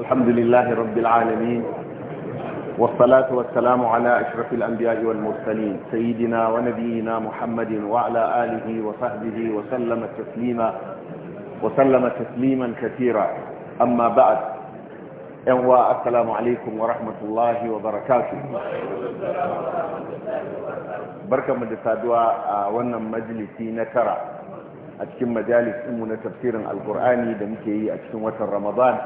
الحمد لله رب العالمين والصلاة والسلام على أشرف الأنبياء والمرسلين سيدنا ونبينا محمد وعلى آله وصحبه وسلم تسليما وسلم تسليما كثيرا أما بعد أنواء السلام عليكم ورحمة الله وبركاته بركة مدسادوا آه، ونم مجلسي نترى أتكم مجالس أمنا تفسير القرآن دمكي أتكم وتر رمضان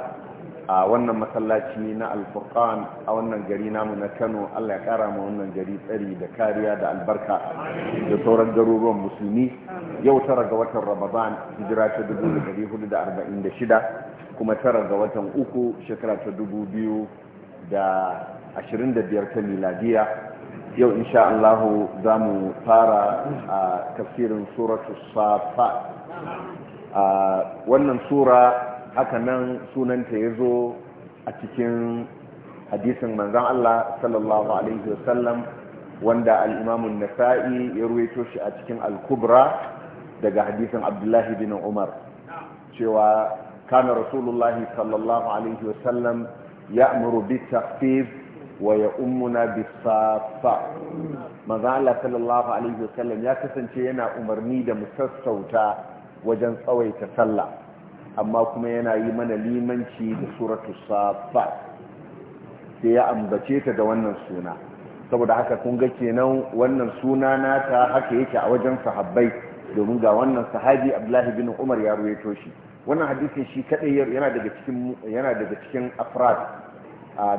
a wannan masallaci na alfurkan a wannan gari namu na kano allah ya kara ma wannan gari tsari da kariya da albarka da sauran garuruwan musulmi yau tara ga watan ramadan hijira ta 1446 kuma tara ga watan uku shekara ta 2025 ta miladiya yau insha allahu za mu fara a tafsirin suratu safa wannan sura haka nan sunanta ya zo a cikin hadisin manzan Allah sallallahu alaihi wasallam wanda al'imamun nasa'i ya ruwaito shi a cikin al-kubra daga hadisin abdullahi bin umar cewa kana rasulullahi sallallahu alaihi wasallam ya amuru bi tafif wa ya ummuna bi safa manzan Allah sallallahu alaihi wasallam ya kasance yana umarni da musassauta wajen tsawaita sallah amma kuma yana yi mana limanci da suratu safat sai ya ambace ta da wannan suna saboda haka kun ga kenan wannan suna nata haka yake a wajen sahabbai domin ga wannan sahabi abdullahi bin umar ya ruwaito shi wannan hadisi shi kadai yana daga cikin yana daga cikin afrad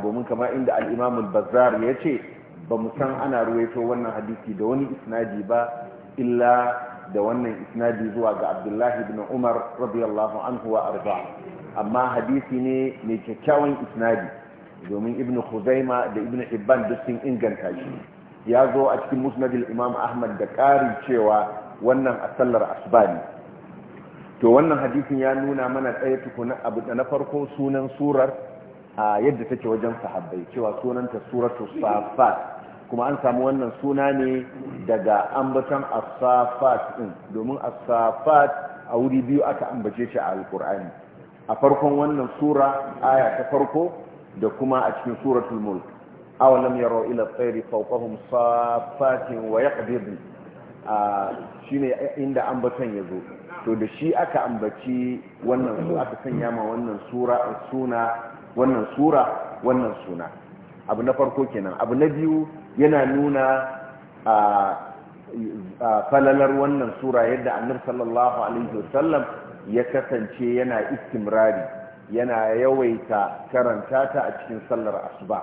domin kama inda al-imam al-bazzar ya ce ba mu san ana ruwaito wannan hadisi da wani isnadi ba illa da wannan isnadi zuwa ga abdullahi ibn umar radiyallahu anhu wa arba amma hadisi ne mai kyakkyawan isnadi domin ibn khuzaima da ibn hibban duk sun inganta shi ya zo a cikin musnadil imam ahmad da ƙarin cewa wannan a sallar asbani to wannan hadisin ya nuna mana tsaye tukuna abu da na farko sunan surar a yadda take wajen sahabbai cewa sunanta suratu safat kuma an samu wannan suna ne daga ambaton asafat din domin asafat a wuri biyu aka ambace shi a alkur'ani a farkon wannan sura aya ta farko da kuma a cikin suratul mulk awalam yaro ila tsairi fawqahum safatin wa yaqbidu shine inda ambaton ya zo to da shi aka ambaci wannan su aka sanya ma wannan sura suna wannan sura wannan suna abu na farko kenan abu na biyu yana nuna a falalar wannan sura yadda annabi sallallahu alaihi wasallam ya kasance yana istimrari yana yawaita karanta ta a cikin sallar asuba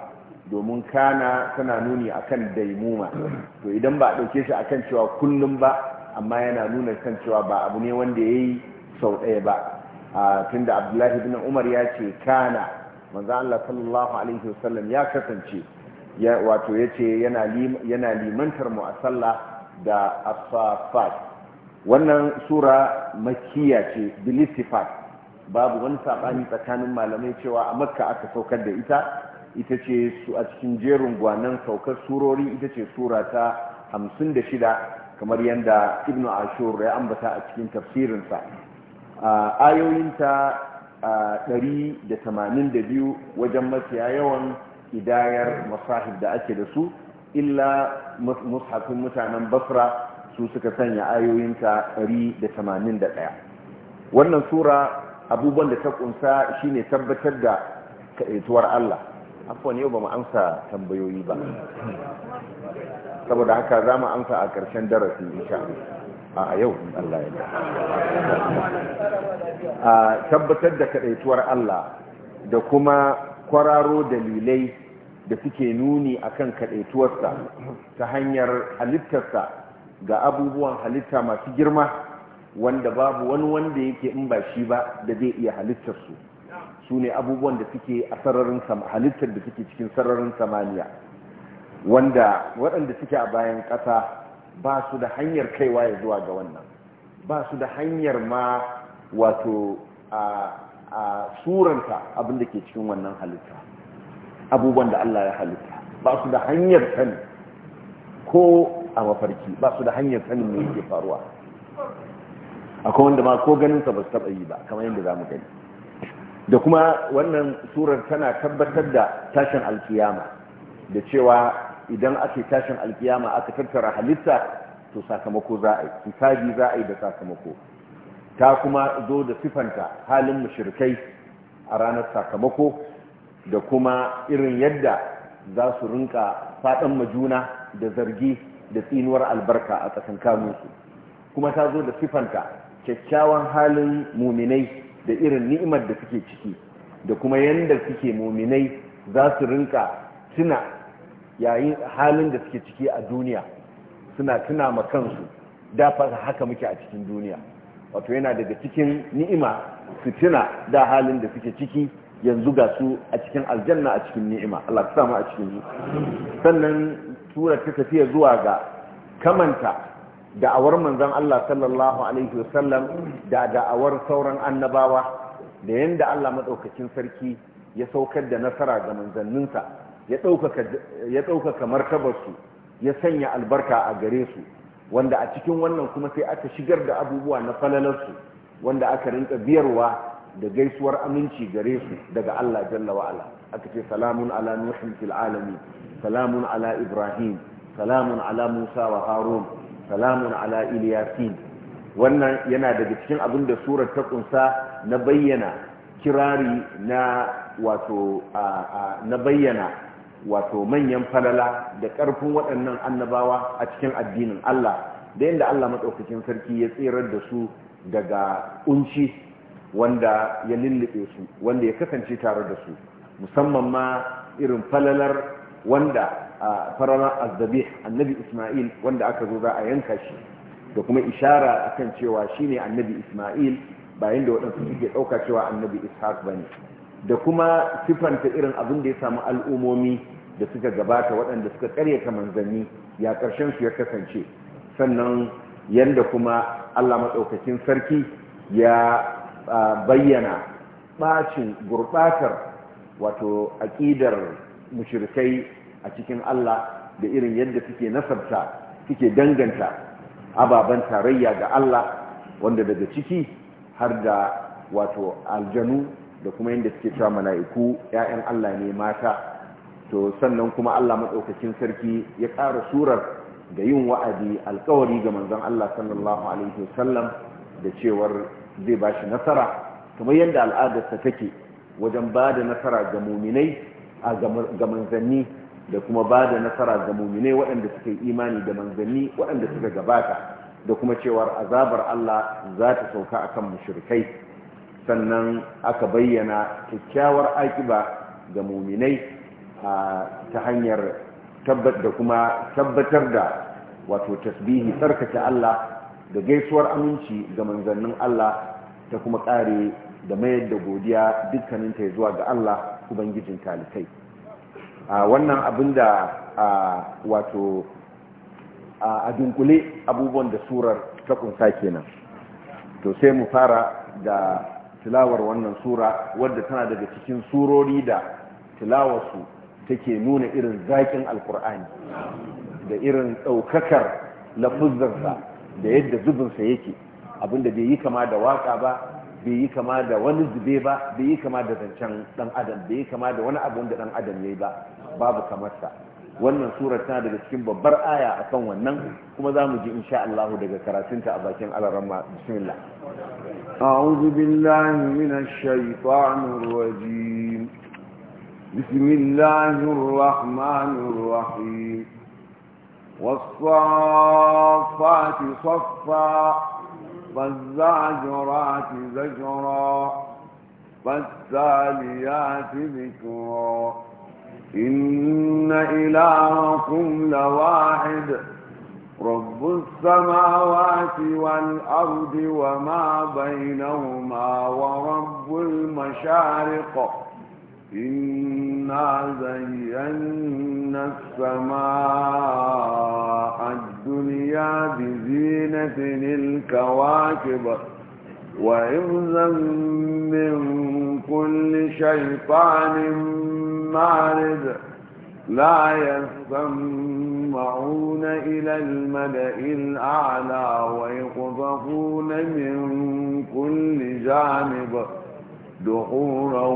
domin kana tana nuni akan daimuma to idan ba a ɗauke shi akan cewa kullum ba amma yana nuna kan cewa ba abu ne wanda ya yi sau ɗaya ba tunda abdullahi bin umar ya ce kana manzo Allah sallallahu alaihi wasallam ya kasance wato yace yana yana limantar mu a sallah da as wannan sura makkiya ce bil babu wani sabani tsakanin malamai cewa a makka aka saukar da ita ita ce a cikin jerin gwanan saukar surori ita ce sura ta shida kamar yadda ibnu ashur ya ambata a cikin tafsirinsa ayoyinta 182 wajen mafiya yawan idayar masahib da ake da su illa mushafin mutanen basra su suka sanya ayoyinta 181 wannan sura abubuwan da ta kunsa shine tabbatar da kaituwar Allah afwan yau ba mu amsa tambayoyi ba saboda haka za mu amsa a ƙarshen darasi insha a yau Allah ya a tabbatar da kaɗaituwar Allah da kuma kwararo dalilai da suke nuni a kan kaɗaituwarsa ta hanyar halittarsa ga abubuwan halitta masu girma wanda babu wani wanda yake in ba shi ba da zai iya halittarsu su ne abubuwan da suke a sararin halittar da suke cikin sararin samaniya wanda waɗanda suke a bayan ƙasa ba su da hanyar kaiwa ya zuwa ga wannan ba su da hanyar ma wato a suranta abin da ke cikin wannan halitta abubuwan da Allah ya halitta ba su da hanyar sani ko a mafarki ba su da hanyar sani mai yake faruwa akwai wanda ma ko ganinsa ba su taɓa yi ba kamar yadda za mu gani da kuma wannan surar tana tabbatar da tashin alkiyama da cewa idan ake tashin alkiyama aka tattara halitta to sakamako za a yi hisabi za a yi da sakamako ta kuma zo da sifanta halin mashirkai a ranar sakamako da kuma irin yadda za su rinka faɗan majuna da zargi da tsinuwar albarka a tsakankaninsu kuma ta zo da sifanta kyakkyawan halin muminai da irin ni'imar da suke ciki da kuma yadda suke muminai za su rinka tuna yayin halin da suke ciki a duniya suna tuna ma kansu da haka muke a cikin duniya wato yana daga cikin ni'ima su tuna da halin da suke ciki yanzu ga su a cikin aljanna a cikin ni'ima Allah ta samu a cikin su sannan tura ta tafiya zuwa ga kamanta da'awar manzon Allah sallallahu alaihi wasallam da da'awar sauran annabawa da yanda Allah madaukakin sarki ya saukar da nasara ga manzanninsa ya ɗaukaka ya ɗaukaka su ya sanya albarka a gare su wanda a cikin wannan kuma sai aka shigar da abubuwa na falalarsu wanda aka rinka biyarwa da gaisuwar aminci gare su daga Allah jalla wa'ala aka ce salamun ala nuhin fil alami salamun ala ibrahim salamun ala musa wa harun salamun ala iliyasin wannan yana daga cikin abin da surar ta kunsa na bayyana kirari na wato na bayyana wato manyan falala da ƙarfin waɗannan annabawa a cikin addinin Allah da yadda Allah maɗaukakin sarki ya tsirar da su daga unci. wanda ya lullube su wanda ya kasance tare da su musamman ma irin falalar wanda a faranar azzabih annabi isma'il wanda aka zo za a yanka shi da kuma ishara akan cewa shine annabi isma'il bayan da waɗansu suke ɗauka cewa annabi ishaq ba ne da kuma sifanta irin abin da ya samu al'umomi da suka gabata waɗanda suka karyata manzanni ya ƙarshen su ya kasance sannan yanda kuma allah maɗaukakin sarki ya bayyana bacin gurbatar wato aƙidar mushrikai a cikin Allah da irin yadda suke nasarta suke danganta ababen tarayya ga Allah wanda daga ciki har da wato aljanu da kuma yadda suke cewa mala'iku ‘ya'yan Allah ne mata to sannan kuma Allah maɗaukacin sarki ya ƙara surar da yin wa'adi alkawari ga manzon Allah sallallahu Alaihi wasallam da cewar zai ba shi nasara kamar yadda al'adarsa take wajen ba da nasara ga muminai a ga manzanni da kuma ba da nasara ga muminai waɗanda suka yi imani da manzanni waɗanda suka gabata da kuma cewar azabar Allah za ta sauka akan mushrikai sannan aka bayyana kyakkyawar akiba ga muminai ta hanyar da kuma tabbatar da wato tasbihi tsarkake Allah da gaisuwar aminci ga manzannin Allah ta kuma ƙare da mayar da godiya dukkanin ta zuwa ga Allah ubangijin talikai a wannan abin da wato a dunkule abubuwan da surar ta kunsa kenan to sai mu fara da tilawar wannan sura wadda tana daga cikin surori da tilawarsu take nuna irin zaƙin alkur'ani da irin ɗaukakar lafuzarsa da yadda zubinsa yake abinda bai yi kama da waka ba bai yi kama da wani zube ba bai yi kama da zancen dan adam bai yi kama da wani abin da dan adam yayi ba babu sa wannan surar tana daga cikin babbar aya akan wannan kuma za mu ji insha Allah daga karatunta a bakin alaramma bismillah a'udhu billahi minash shaitanir rajim bismillahir rahmanir rahim والصافات صفا والزاجرات زجرا فالتاليات ذكرا إن إلهكم لواحد رب السماوات والأرض وما بينهما ورب المشارق إنا زينا السماء الدنيا بزينة الكواكب وإمزا من كل شيطان مارد لا يسمعون إلى الملأ الأعلى ويقذفون من كل جانب دحورا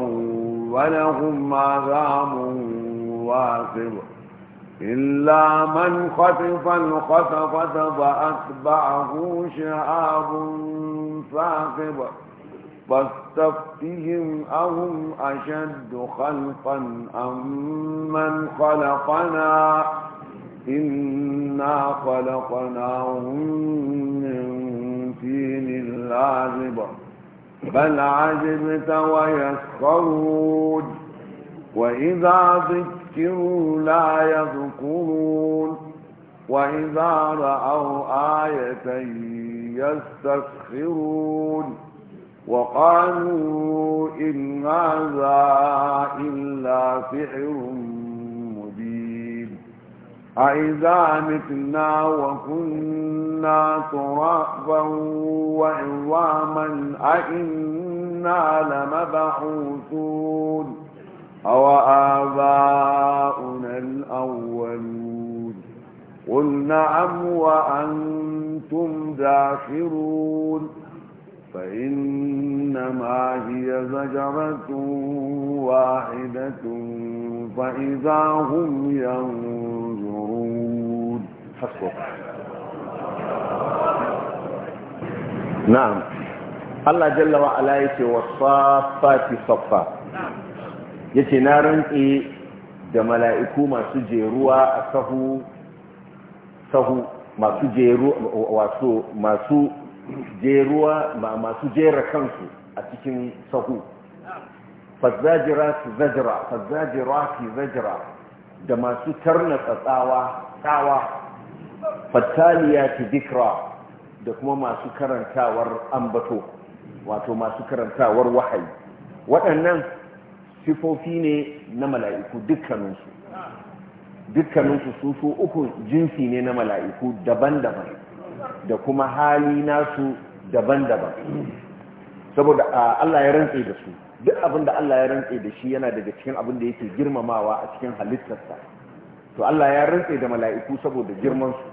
ولهم عذاب واصب إلا من خطف الخطفة فأتبعه شهاب فاقب فاستفتهم أهم أشد خلقا أم من خلقنا إنا خلقناهم من فين لازبا بل عجبت ويسخرون وإذا ذكروا لا يذكرون وإذا رأوا آية يستسخرون وقالوا إن هذا إلا سحر أإذا متنا وكنا ترابا وعظاما أإنا لمبعوثون أو آباؤنا الأولون قل نعم وأنتم داخرون فإنما هي زجرة واحدة فإذا هم ينظرون حسبك نعم Allah jalla wa ala yake wasafati saffa yace na rantse da mala'iku masu jeruwa a sahu masu jeru masu jeruwa ba masu jera kansu a cikin sahu fazajira su zajira fazajira su zajira da masu tarna tsatsawa tsawa fataliya su dikra da kuma masu karantawar ambato wato masu karantawar wahayi waɗannan sifofi ne na mala'iku dukkaninsu dukkaninsu sun su uku jinsi ne na mala'iku daban-daban da kuma hali nasu daban-daban saboda Allah ya rantse da su duk abin da Allah ya rantse da shi yana daga cikin abin da yake girmamawa a cikin halittarsa to Allah ya rantse da mala'iku saboda girmansu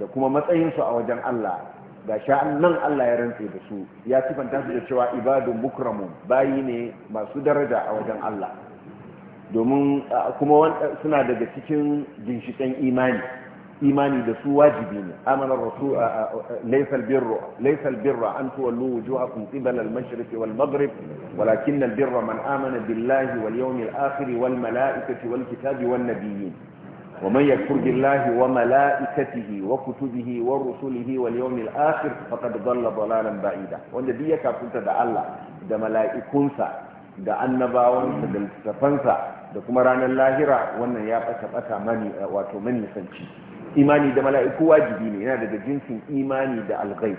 da kuma su a wajen Allah ga sha'an nan Allah ya rantse da su ya sifanta su da cewa ibadun bukramu bayi ne masu daraja a wajen Allah domin kuma suna daga cikin ginshiƙen imani imani da su wajibi ne amana rasul laysa albirru laysa albirru an tuwallu wujuhakum qibala al-mashriq wal maghrib walakin albirra man amana billahi wal yawmil akhir wal wal kitabi wan nabiyyin ومن يكفر بالله وملائكته وكتبه ورسله واليوم الآخر فقد ضل ضلالا بعيدا وان da كافرت da الله دا ملائكونسا دا النباوانسا دا التفنسا kuma ranar lahira wannan ya بتا مني wato mani سنشي imani da mala'iku wajibi ne yana daga jinsin imani da algai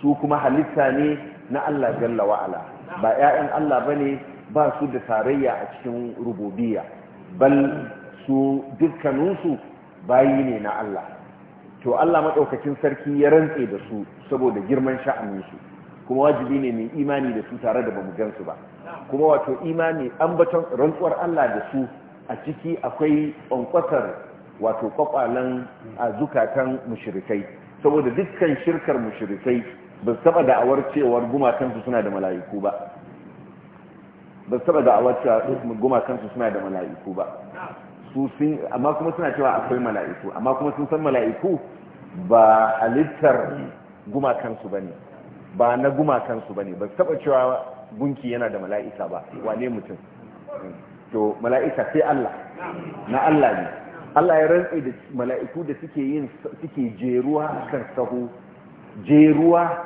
su kuma halitta ne na Allah jalla wa'ala ba 'ya'yan Allah ba ne ba su da tarayya a cikin rububiya bal su dukkaninsu bayi ne na Allah to Allah maɗaukacin sarki ya rantse da su saboda girman sha'aninsu kuma wajibi ne mai imani da su tare da bamu gansu ba kuma wato imani ambaton rantsuwar Allah da su a ciki akwai ƙwanƙwatar wato kwakwalan a zukatan mushirikai saboda dukkan shirkar mushirikai ba su taba da'awar cewar gumakansu suna da mala'iku ba ba su taba da'awar cewar gumakansu suna da mala'iku ba su sun amma kuma suna cewa akwai mala'iku amma kuma sun san mala'iku ba halittar gumakansu ba ne ba na gumakansu ne ba su taba cewa gunki yana da mala'ika ba wane mutum to mala'ika sai Allah na Allah ne Allah ya rantsi da mala'iku da suke yin suke jeruwa akan sahu jeruwa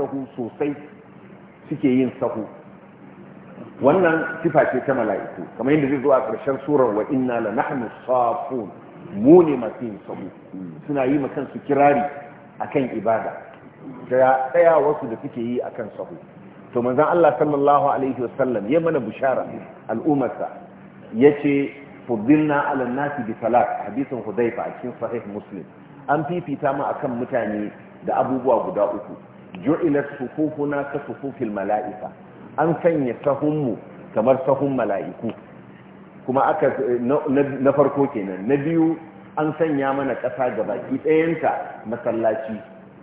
sahu sosai suke yin sahu wannan sifa ce ta mala'iku kamar yadda zai zo a ƙarshen surar wa inna la nahnu safun mu ne masu yin sahu suna yi ma kansu kirari akan ibada da tsaya wasu da suke yi kan sahu to manzon Allah sallallahu alaihi wasallam ya mana bushara al'ummarsa ce. fuddilna ala nasi bi salat hadisin hudayfa a cikin sahih muslim an fifita mu akan mutane da abubuwa guda uku ju'ilar sufufuna ka sufufil mala'ika an sanya sahunmu kamar sahun mala'iku kuma aka na farko kenan na biyu an sanya mana ƙasa ga baki ɗayanta masallaci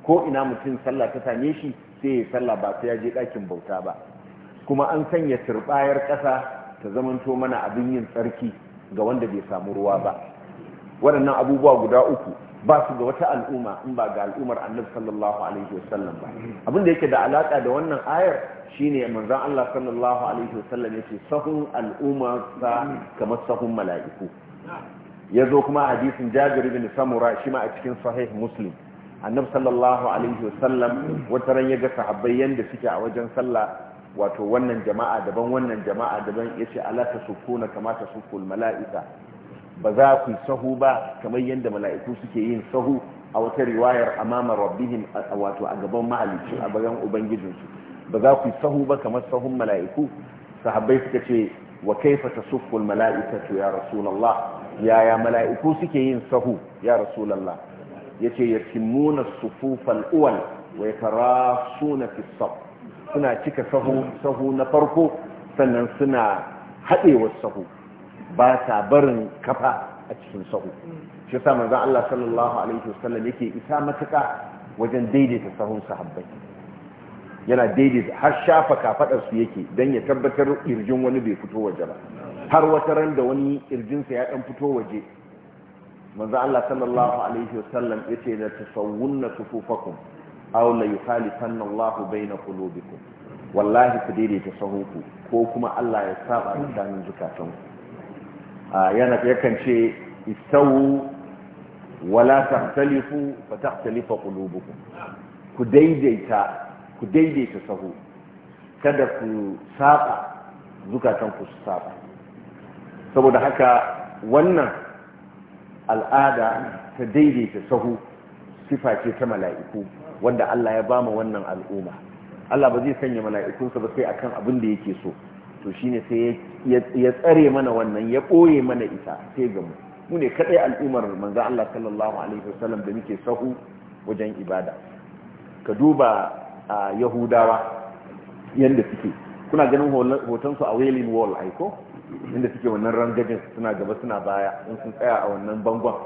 ko ina mutum sallah ta same shi sai ya sallah ba sai ya je ɗakin bauta ba kuma an sanya turbayar ƙasa ta zamanto mana abin yin tsarki ga wanda bai samu ruwa ba waɗannan abubuwa guda uku ba su ga wata al'umma in ba ga al'ummar annabi sallallahu alaihi wasallam ba abin da yake da alaka da wannan ayar shine manzon Allah sallallahu alaihi wasallam yace sahun al'umma sa kamar sahun mala'iku yazo kuma hadisin Jabir ibn Samura shi ma a cikin sahih Muslim annabi sallallahu alaihi wasallam wata ran ya ga sahabbai yanda suke a wajen sallah wato wannan jama'a daban wannan jama'a daban yace ala tasukuna kama tasukul mala'ika ba za ku sahu ba kamar yadda mala'iku suke yin sahu a wata riwayar amama rabbihim wato a gaban mahalicci a bayan ubangijinsu ba za ku sahu ba kamar sahun mala'iku sahabbai suka ce wa kaifa tasuffu to ya rasulullah yaya mala'iku suke yin sahu ya rasulullah yace yatimuna sufufal uwal wa yatarasuna fi saf suna cika sahu na farko sannan suna haɗewar sahu ba ta barin kafa a cikin sahu shi sa manzon Allah sallallahu alaihi wasallam yake isa matuka wajen daidaita sahun sahabbai yana daidaita har shafa kafaɗarsu su yake dan ya tabbatar irjin wani bai fito waje ba har wata ran da wani irjinsa ya ɗan fito waje manzon Allah sallallahu alaihi wasallam yace la tasawwunna sufufakum aw la yukhalifanna Allahu na qulubikum wallahi ku daidaita sahunku ko kuma Allah ya saba tsakanin zukatanku yana yakan ce istawu wala tahtalifu fa tahtalifa qulubukum ku daidaita ku daidaita sahu kada ku saba zukatanku ku saba saboda haka wannan al'ada ta daidaita sahu sifa ce ta mala'iku wanda Allah ya ba mu wannan al'umma Allah ba zai sanya mala'ikunsa ba sai akan abin da yake so to shine sai ya tsare mana wannan ya ɓoye mana ita sai ga mu mu ne kadai al'ummar manzo Allah sallallahu alaihi wasallam da muke sahu wajen ibada ka duba a yahudawa yanda suke kuna ganin hoton su a wailing wall aiko inda suke wannan rangajin suna gaba suna baya in sun tsaya a wannan bangon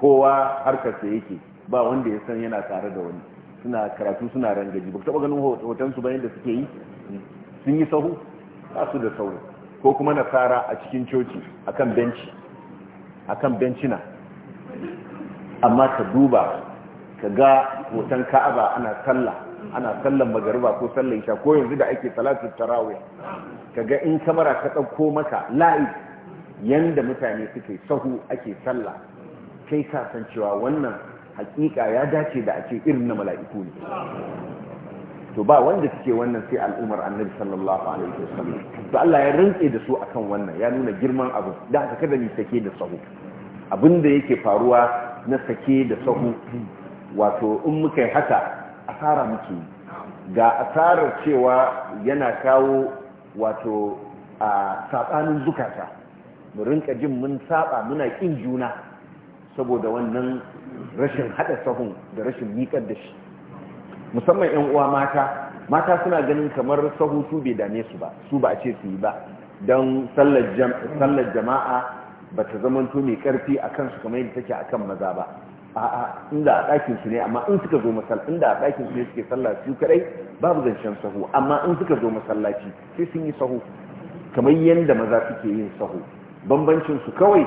kowa harkar yake ba wanda ya san yana tare da wani suna karatu suna rangaji ba taba ganin hoton su bayan da suke yi sun yi sahu ba su da sauri ko kuma na nasara a cikin coci akan benci akan bencina amma ka duba ka ga hoton ka'aba ana sallah ana sallan magariba ko sallan isha ko yanzu da ake salatu tarawih ka ga in kamara ka ɗauko maka la'i yanda mutane suke sahu ake sallah kai ka san cewa wannan hakika ya dace da ake irin na mala'iku ne to ba wanda suke wannan sai al'umar annabi sallallahu alaihi wasallam to Allah ya rantse da su akan wannan ya nuna girman abu da haka kada ni sake da sahu abinda yake faruwa na sake da sahu wato in muka yi haka asara muke ga asarar cewa yana kawo wato a sabanin zukata mu rinka jin mun saba muna kin juna saboda wannan rashin haɗa sahun da rashin miƙar da shi musamman 'yan uwa mata mata suna ganin kamar sahu su bai dame su ba su ba a ce su yi ba don sallar jama'a ba ta zama to mai karfi a kansu kamar yadda take a kan maza ba a inda a ɗakin ne amma in suka zo masallaci inda a ɗakin su ne suke sallah su kadai babu zancen sahu amma in suka zo masallaci sai sun yi sahu kamar yadda maza suke yin sahu bambancin su kawai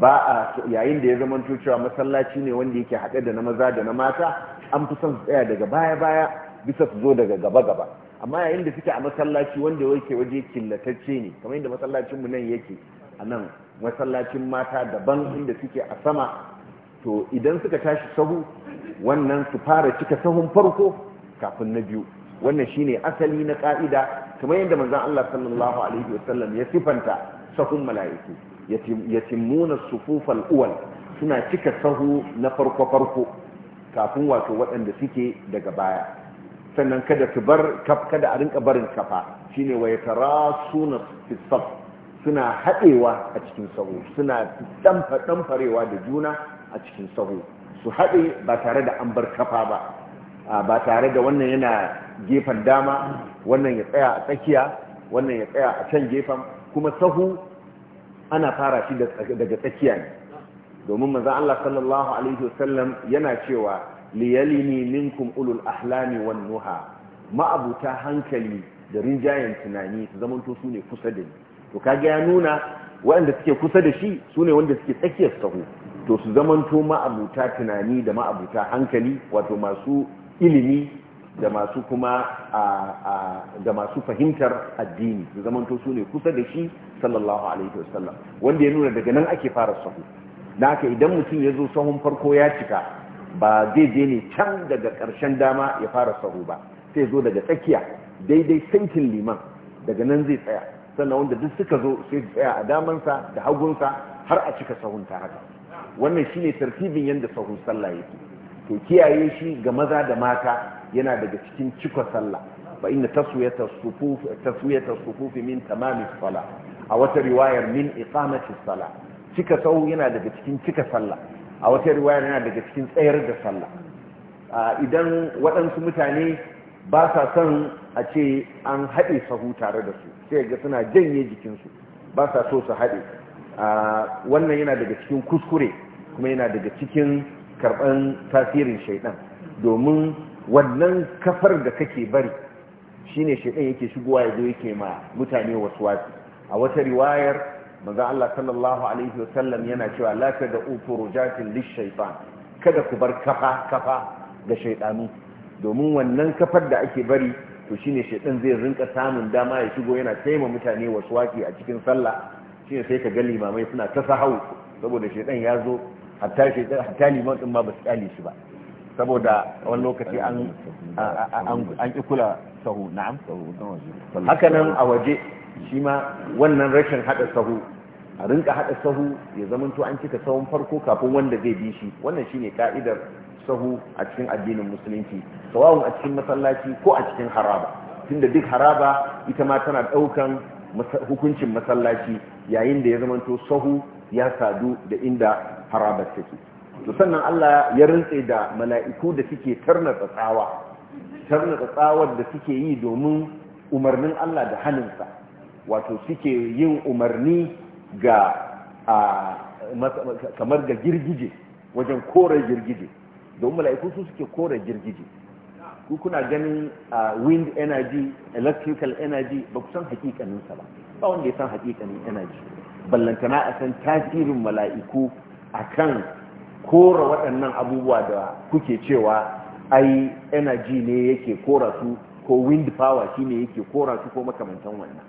ba a yayin da ya zama cewa masallaci ne wanda yake haɗe da na maza da na mata an fi son su tsaya daga baya-baya bisa su zo daga gaba-gaba amma yayin da suke a masallaci wanda yake waje killatacce ne kamar yadda mu nan yake a nan masallacin mata daban inda suke a sama to idan suka tashi sahu wannan su fara cika sahun farko kafin na biyu wannan shine asali na ka'ida kamar yadda manzon Allah sallallahu alaihi wasallam ya sifanta sahun mala'iku yatimmuna sufufal uwal suna cika sahu na farko farko kafin wato waɗanda suke daga baya sannan kada su bar kaf kada a rinka barin kafa shine wa suna fi saf suna haɗewa a cikin sahu suna ɗanfarewa da juna a cikin sahu su haɗe ba tare da an bar kafa ba ba tare da wannan yana gefen dama wannan ya tsaya a tsakiya wannan ya tsaya a can gefen kuma sahu ana fara shi daga tsakiya ne domin maza Allah sallallahu alaihi wasallam yana cewa liyalini minkum ulul ahlami wan nuha ma'abuta hankali da rinjayen tunani su zamanto su ne kusa da ni to kage ya nuna waɗanda suke kusa da shi su ne wanda suke tsakiyar sahu to su zamanto ma'abuta tunani da ma'abuta hankali wato masu ilimi da masu kuma da masu fahimtar addini da zamanto su ne kusa da shi sallallahu alaihi wasallam wanda ya nuna daga nan ake fara sahu na haka idan mutum ya zo sahun farko ya cika ba zai je ne can daga ƙarshen dama ya fara sahu ba sai zo daga tsakiya daidai saitin liman daga nan zai tsaya sannan wanda duk suka zo sai tsaya a damansa da hagunsa har a cika sahun ta haka wannan shine tartibin yadda sahun sallah yake to kiyaye shi ga maza da mata yana daga cikin cika sallah fa inda taswiyata sufufi min tamamin sala a wata riwayar min iqamati sala cika sau yana daga cikin cika sallah a wata riwayar yana daga cikin tsayar da sallah idan waɗansu mutane ba sa son a ce an haɗe sahu tare da su sai ga suna janye jikinsu ba sa so su haɗe wannan yana daga cikin kuskure kuma yana daga cikin karban tasirin shaidan domin wannan kafar da kake bari shine shaidan yake shigowa ya zo yake ma mutane waswasi a wata riwayar manzo Allah sallallahu alaihi wasallam yana cewa la da ufurujatin lishaytan kada ku bar kafa kafa ga shaidanu domin wannan kafar da ake bari to shine shaidan zai rinka samun dama ya shigo yana taima mutane wasu wasu a cikin sallah shine sai ka ga limamai suna ta sahau saboda shaidan ya zo hatta shekar hatta ma ba su kyale shi ba saboda wani lokaci an an kula sahu na'am haka nan a waje shi ma wannan rashin hada sahu a rinka hada sahu ya zamanto an cika sahun farko kafin wanda zai bi shi wannan shine ka'idar sahu a cikin addinin musulunci sawawun a cikin masallaci ko a cikin haraba tunda duk haraba ita ma tana daukan hukuncin masallaci yayin da ya zamanto sahu ya sadu da inda harabar take to sannan Allah ya rintse da mala'iku da suke tarna tsawa tarna tsawar da suke yi domin umarnin Allah da halinsa wato suke yin umarni ga kamar ga girgije wajen kore girgije domin mala'iku su suke kore girgije ku kuna ganin wind energy electrical energy ba ku san hakikaninsa ba ba wanda ya san hakikanin energy ballantana a san tasirin mala'iku akan kora waɗannan abubuwa da kuke cewa ai energy ne yake kora su ko wind power shine yake kora su ko makamantan wannan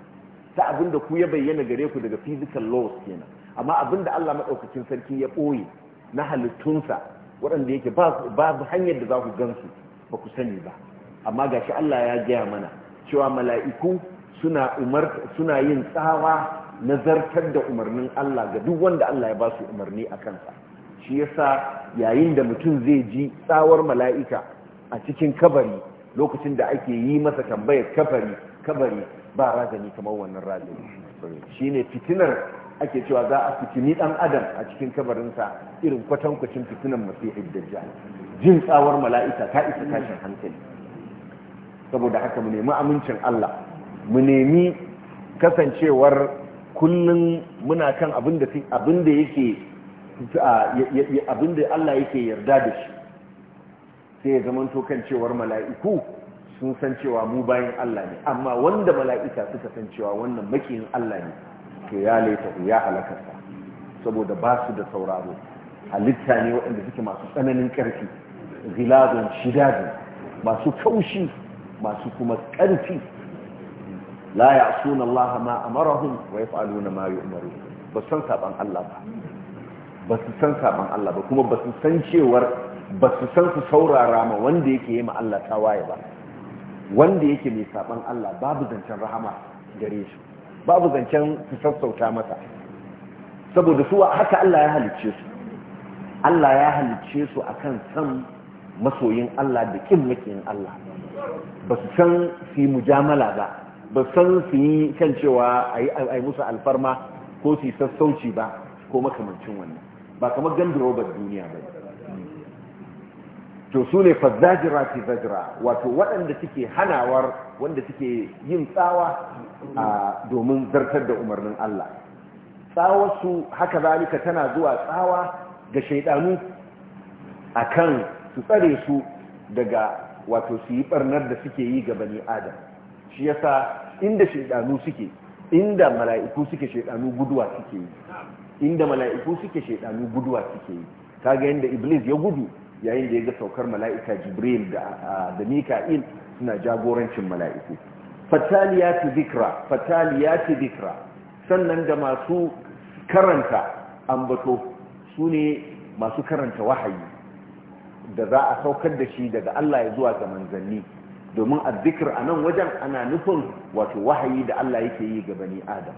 ta abinda ku ya bayyana gare ku daga physical laws kenan amma abinda Allah madaukakin sarki ya ɓoye na halittunsa waɗanda yake babu hanyar da za ku gansu ba ku sani ba amma gashi Allah ya gaya mana cewa mala'iku suna umar suna yin tsawa nazartar da umarnin Allah ga duk wanda Allah ya ba su umarni a kansa shi yasa yayin da mutum zai ji tsawar mala'ika a cikin kabari lokacin da ake yi masa tambayar kabari kabari ba razani kamar wannan razani ne fitinar ake cewa za a fitini dan adam a cikin kabarinsa irin kwatankwacin fitinan masihid dajjal jin tsawar mala'ika ta isa tashin hankali saboda haka mu nemi amincin Allah mu nemi kasancewar kullum muna kan abin da yake abinda Allah yake yarda da shi sai ya zama to kan cewar mala'iku sun san cewa mu bayan Allah ne amma wanda mala'ika suka san cewa wannan makiyin Allah ne to ya laifa ya halakarsa saboda ba su da sauraro halitta ne waɗanda suke masu tsananin ƙarfi gilazon shidazin masu kaushi masu kuma ƙarfi la ya'suna Allah ma amarahum wa na mayu yu'marun ba san saban Allah ba ba su san saban Allah ba kuma ba su san cewar ba su san su saurara ma wanda yake yi ma Allah waye ba wanda yake mai saban Allah babu zancen rahama gare shi babu zancen su sassauta masa saboda su haka Allah ya halicce su Allah ya halicce su akan san masoyin Allah da kin makiyin Allah ba su san su yi mujamala ba ba san su yi kan cewa a yi musu alfarma ko su yi sassauci ba ko makamancin wannan ba kamar ba duniya ba to su ne fazajira fi zajira wato waɗanda suke hanawar wanda suke yin tsawa a domin zartar da umarnin Allah tsawarsu haka zalika tana zuwa tsawa ga shaidanu kan su tsare su daga wato su yi ɓarnar da suke yi ga bani adam shi yasa inda shaidanu suke inda mala'iku suke shaidanu guduwa suke yi inda mala'iku suke shaidanu guduwa suke yi kaga yanda iblis ya gudu yayin da ya ga saukar mala'ika jibril da mika'il suna jagorancin mala'iku fataliyatu zikra sannan da masu karanta ambato su ne masu karanta wahayi da za a saukar da shi daga Allah ya zuwa ga manzanni domin azzikir a nan wajen ana nufin wato wahayi da Allah yake yi ga bani adam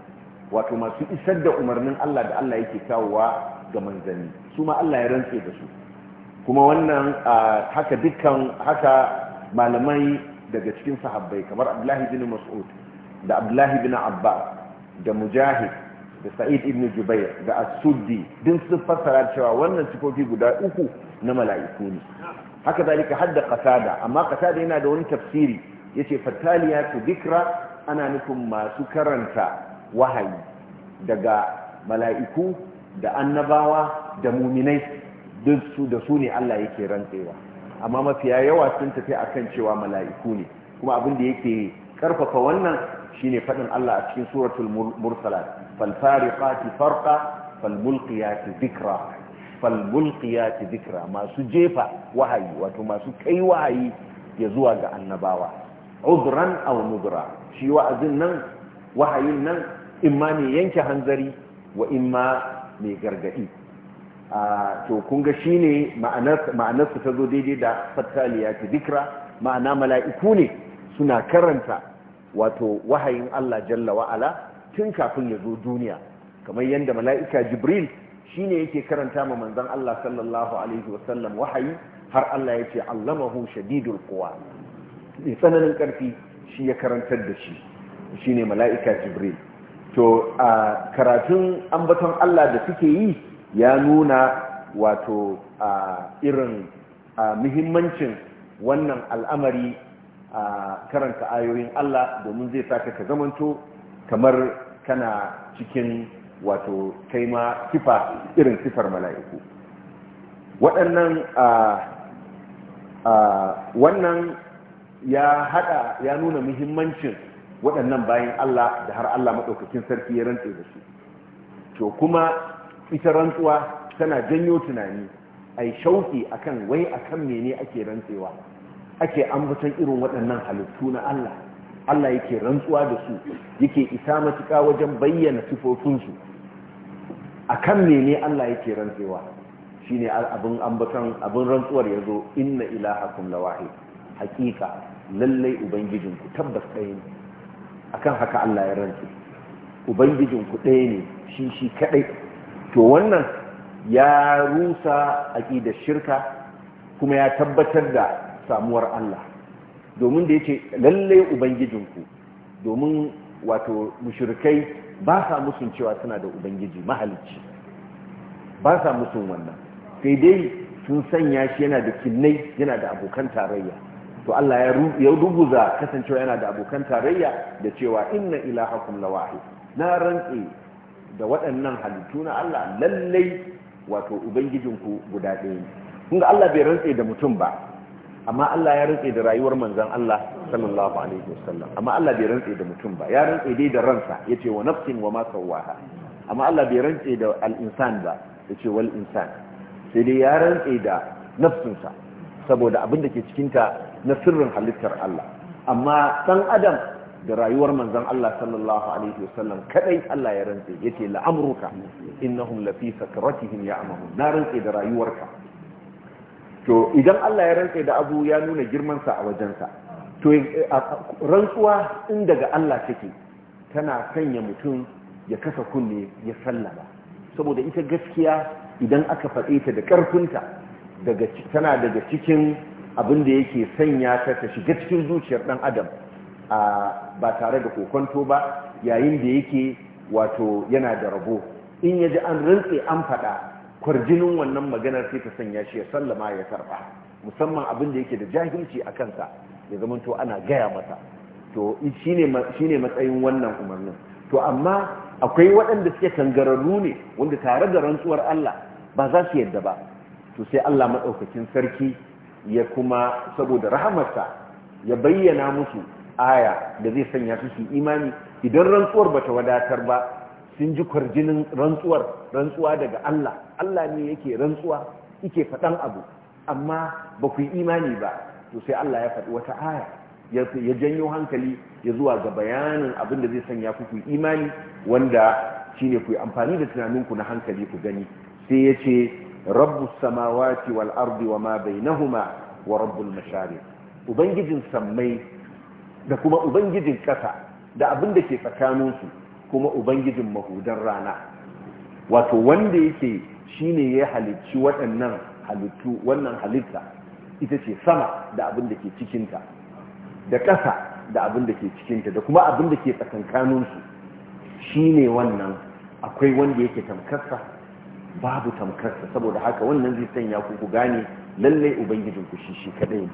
wato masu isar da umarnin Allah da Allah yake kawowa ga manzanni su ma Allah ya rantse da su kuma wannan haka dukkan haka malamai daga cikin sahabbai kamar Abdullahi bin Mas'ud da Abdullahi bin Abbas da Mujahid da Sa'id ibn Jubair da As-Suddi din sun fassara cewa wannan sifofi guda uku na mala'iku ne haka zalika hadda kasada, amma kasada yana da wani tafsiri yace fataliyatu dhikra ana nufin masu karanta wahayi daga mala'iku da annabawa da muminai duk su da su ne Allah yake rantsewa amma mafiya yawa sun tafi akan cewa mala'iku ne kuma abin da yake karfafa wannan shine fadin Allah a cikin suratul mursalat fal fariqati farqa fal mulqiyati falmulqiyati dhikra masu jefa wahayi wato masu kai wahayi ya zuwa ga annabawa uzran aw nudra shi wa'azin nan wahayin nan imma ne yanke hanzari wa imma mai gargadi to kun ga shine ma'anar ma'anar su daidai da fataliyati ma'ana mala'iku ne suna karanta wato wahayin Allah jalla wa'ala tun kafin ya zo duniya kamar yadda mala'ika jibril Shi ne yake karanta ma Manzan Allah sallallahu alaihi wasallam wahayi har Allah ya ce allamahu shadidul kuwa. mai tsananin ƙarfi shi ya karantar da shi Shi ne mala'ika jibril to a karatun ambaton Allah da suke yi ya nuna wato a irin muhimmancin wannan al'amari a karanta ayoyin Allah domin zai saka ka zamanto kamar kana cikin wato kai ma sifa irin sifar mala'iku waɗannan wannan ya hada ya nuna muhimmancin waɗannan bayan Allah da har Allah maɗaukakin sarki ya rantse da su to kuma ita rantsuwa tana janyo tunani a yi shauki akan wai akan mene ake rantsewa ake ambatan irin waɗannan halittu na Allah Allah yake rantsuwa da su yake isa matuka wajen bayyana sifofinsu akan mene Allah yake rantsewa shi ne abin ambaton abin rantsuwar ya zo inna ilahakum lawahid haqiqa lallai ubangijinku tabbas ɗaya ne akan haka Allah ya rantse ubangijinku ɗaya ne shi shi kaɗai to wannan ya rusa aqidar shirka kuma ya tabbatar da samuwar Allah domin da ya ce lallai ubangijinku domin wato mushrikai ba sa musun cewa suna da ubangiji mahalicci ba sa musun wannan sai dai sun sanya shi yana da kinnai yana da abokan tarayya to Allah ya rubuza kasancewa yana da abokan tarayya da cewa inna ilahakum lawahid na rantsi da waɗannan halittu na Allah lallai wato ubangijinku guda ɗaya ne kun ga Allah bai rantse da mutum ba amma Allah ya rantse da rayuwar manzon Allah sallallahu alaihi wasallam amma Allah bai rantse da mutum ba ya rantse dai da ransa yace wa nafsin wa ma sawaha amma Allah bai rantse da al-insan ba yace wal insan sai dai ya rantse da nafsinsa saboda abin da ke cikinta na sirrin halittar Allah amma san adam da rayuwar manzon Allah sallallahu alaihi wasallam kadai Allah ya rantse yace la'amruka innahum lafi sakratihim ya'mahun na rantse da rayuwarka to idan Allah ya rantse da abu ya nuna girmansa a wajensa to eh, rantsuwa in daga Allah take tana sanya mutum ya kasa kunne ya sallama saboda ita gaskiya idan aka faɗe ta da ƙarfinta tana daga cikin abin da yake sanya ta ta shiga cikin zuciyar ɗan adam ba tare da kokonto ba yayin da yake wato yana da rabo in ya ji an rantse an faɗa kwarjinin wannan maganar sai ta sanya shi ya sallama ya karɓa musamman abin da yake da jahilci a kansa ya zama to ana gaya mata to shi ne matsayin wannan umarnin to amma akwai waɗanda suke kangararru ne wanda tare da rantsuwar Allah ba za su yadda ba to sai Allah maɗaukakin sarki ya kuma saboda rahamarsa ya bayyana musu aya da zai sanya su su imani idan rantsuwar bata wadatar ba sun ji kwarjinin rantsuwar rantsuwa daga Allah Allah ne yake rantsuwa yake faɗan abu amma ba ku yi imani ba to sai Allah ya faɗi wata aya ya janyo hankali ya zuwa ga bayanin abin da zai sanya ku kuyi imani wanda shine ku amfani da tunaninku na hankali ku gani sai ya ce rabbu samawati wal ardi wa ma bainahuma wa rabbul mashari ubangijin sammai da kuma ubangijin ƙasa da abin da ke tsakanin su kuma ubangijin mahudan rana wato wanda yake shine ya halicci waɗannan halittu wannan halitta ita ce sama da abin da ke cikinta da ƙasa da abin da ke cikinta da kuma abin da ke tsakankaninsu shi ne wannan akwai wanda yake tamkarsa babu tamkarsa saboda haka wannan zai sanya ku ku gane lallai ubangijin ku shi shi kaɗai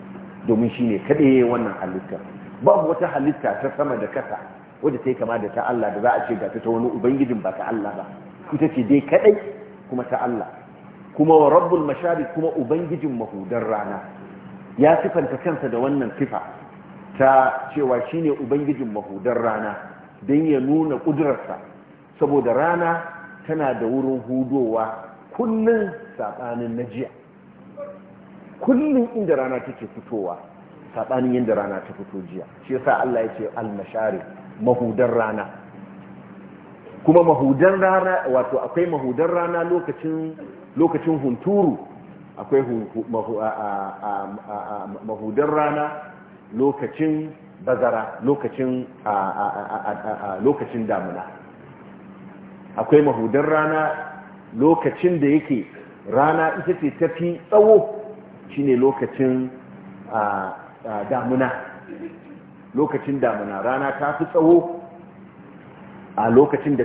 domin shi ne kaɗai wannan halitta babu wata halitta ta sama da ƙasa wadda ta yi kama da ta Allah da za a ce ga ta wani ubangijin ba ta Allah ba ita ce dai kaɗai kuma ta Allah kuma wa rabbul mashari kuma ubangijin mahudar rana ya sifanta kansa da wannan sifa ta cewa shine ubangijin mahudar rana don ya nuna ƙudurarsa saboda rana tana da wurin hudowa kullum saɓanin na jiya kullum inda rana take fitowa saɓanin yadda rana ta fito jiya shi yasa Allah ya ce almashari mahudar rana kuma mahudar rana wato akwai mahudar rana lokacin hunturu akwai mahudan rana lokacin bazara lokacin lokacin damuna akwai mahudan rana lokacin da yake rana ita ce ta fi tsawo shine lokacin damuna lokacin damuna rana ta fi tsawo a lokacin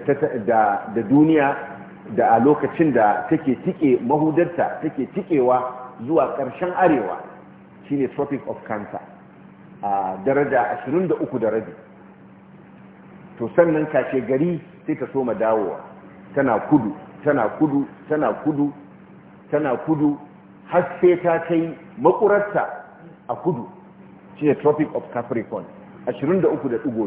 da duniya da a lokacin da take tike mahudarta take tikewa zuwa ƙarshen arewa shine tropic of cancer a daraja 23 da rabi to sannan kashe gari sai ta soma dawowa tana kudu tana kudu tana kudu tana kudu har sai ta kai makurarta a kudu shine tropic of capricorn da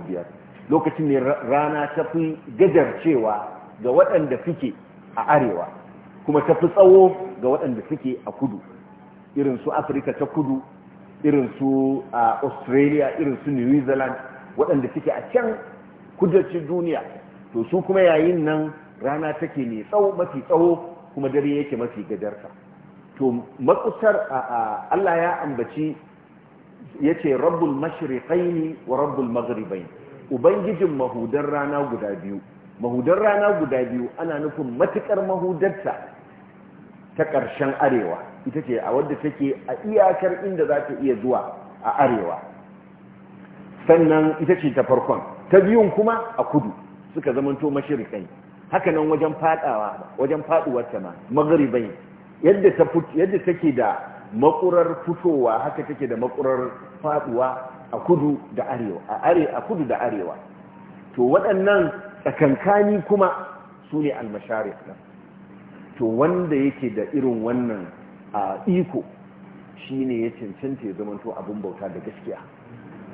biyar lokacin ne rana ta fi gajarcewa ga waɗanda fike. a arewa kuma ta fi tsawo ga waɗanda suke a kudu irin su afirka ta kudu irin su a australia irin su new zealand waɗanda suke a can kudancin duniya to su kuma yayin nan rana take ne tsawo mafi tsawo kuma dare yake mafi gajarta to a Allah ya ambaci ya ce rabbul ne wa rabbul maghribain ubangijin mahudan rana guda biyu mahudar rana guda biyu ana nufin matukar mahudarta ta ƙarshen arewa ita ce a wadda take a iyakar inda za ta iya zuwa a arewa sannan ita ce ta farkon ta biyun kuma a kudu suka zamanto mashirikai haka nan wajen fadawa wajen faduwar ta ma magribai yadda ta yadda take da makurar fitowa haka take da makurar faduwa a kudu da arewa a are a kudu da arewa to waɗannan tsakankani kuma su ne almasharif ɗin to wanda yake da irin wannan a iko shi ne ya cancanta ya zamanto abin bauta da gaskiya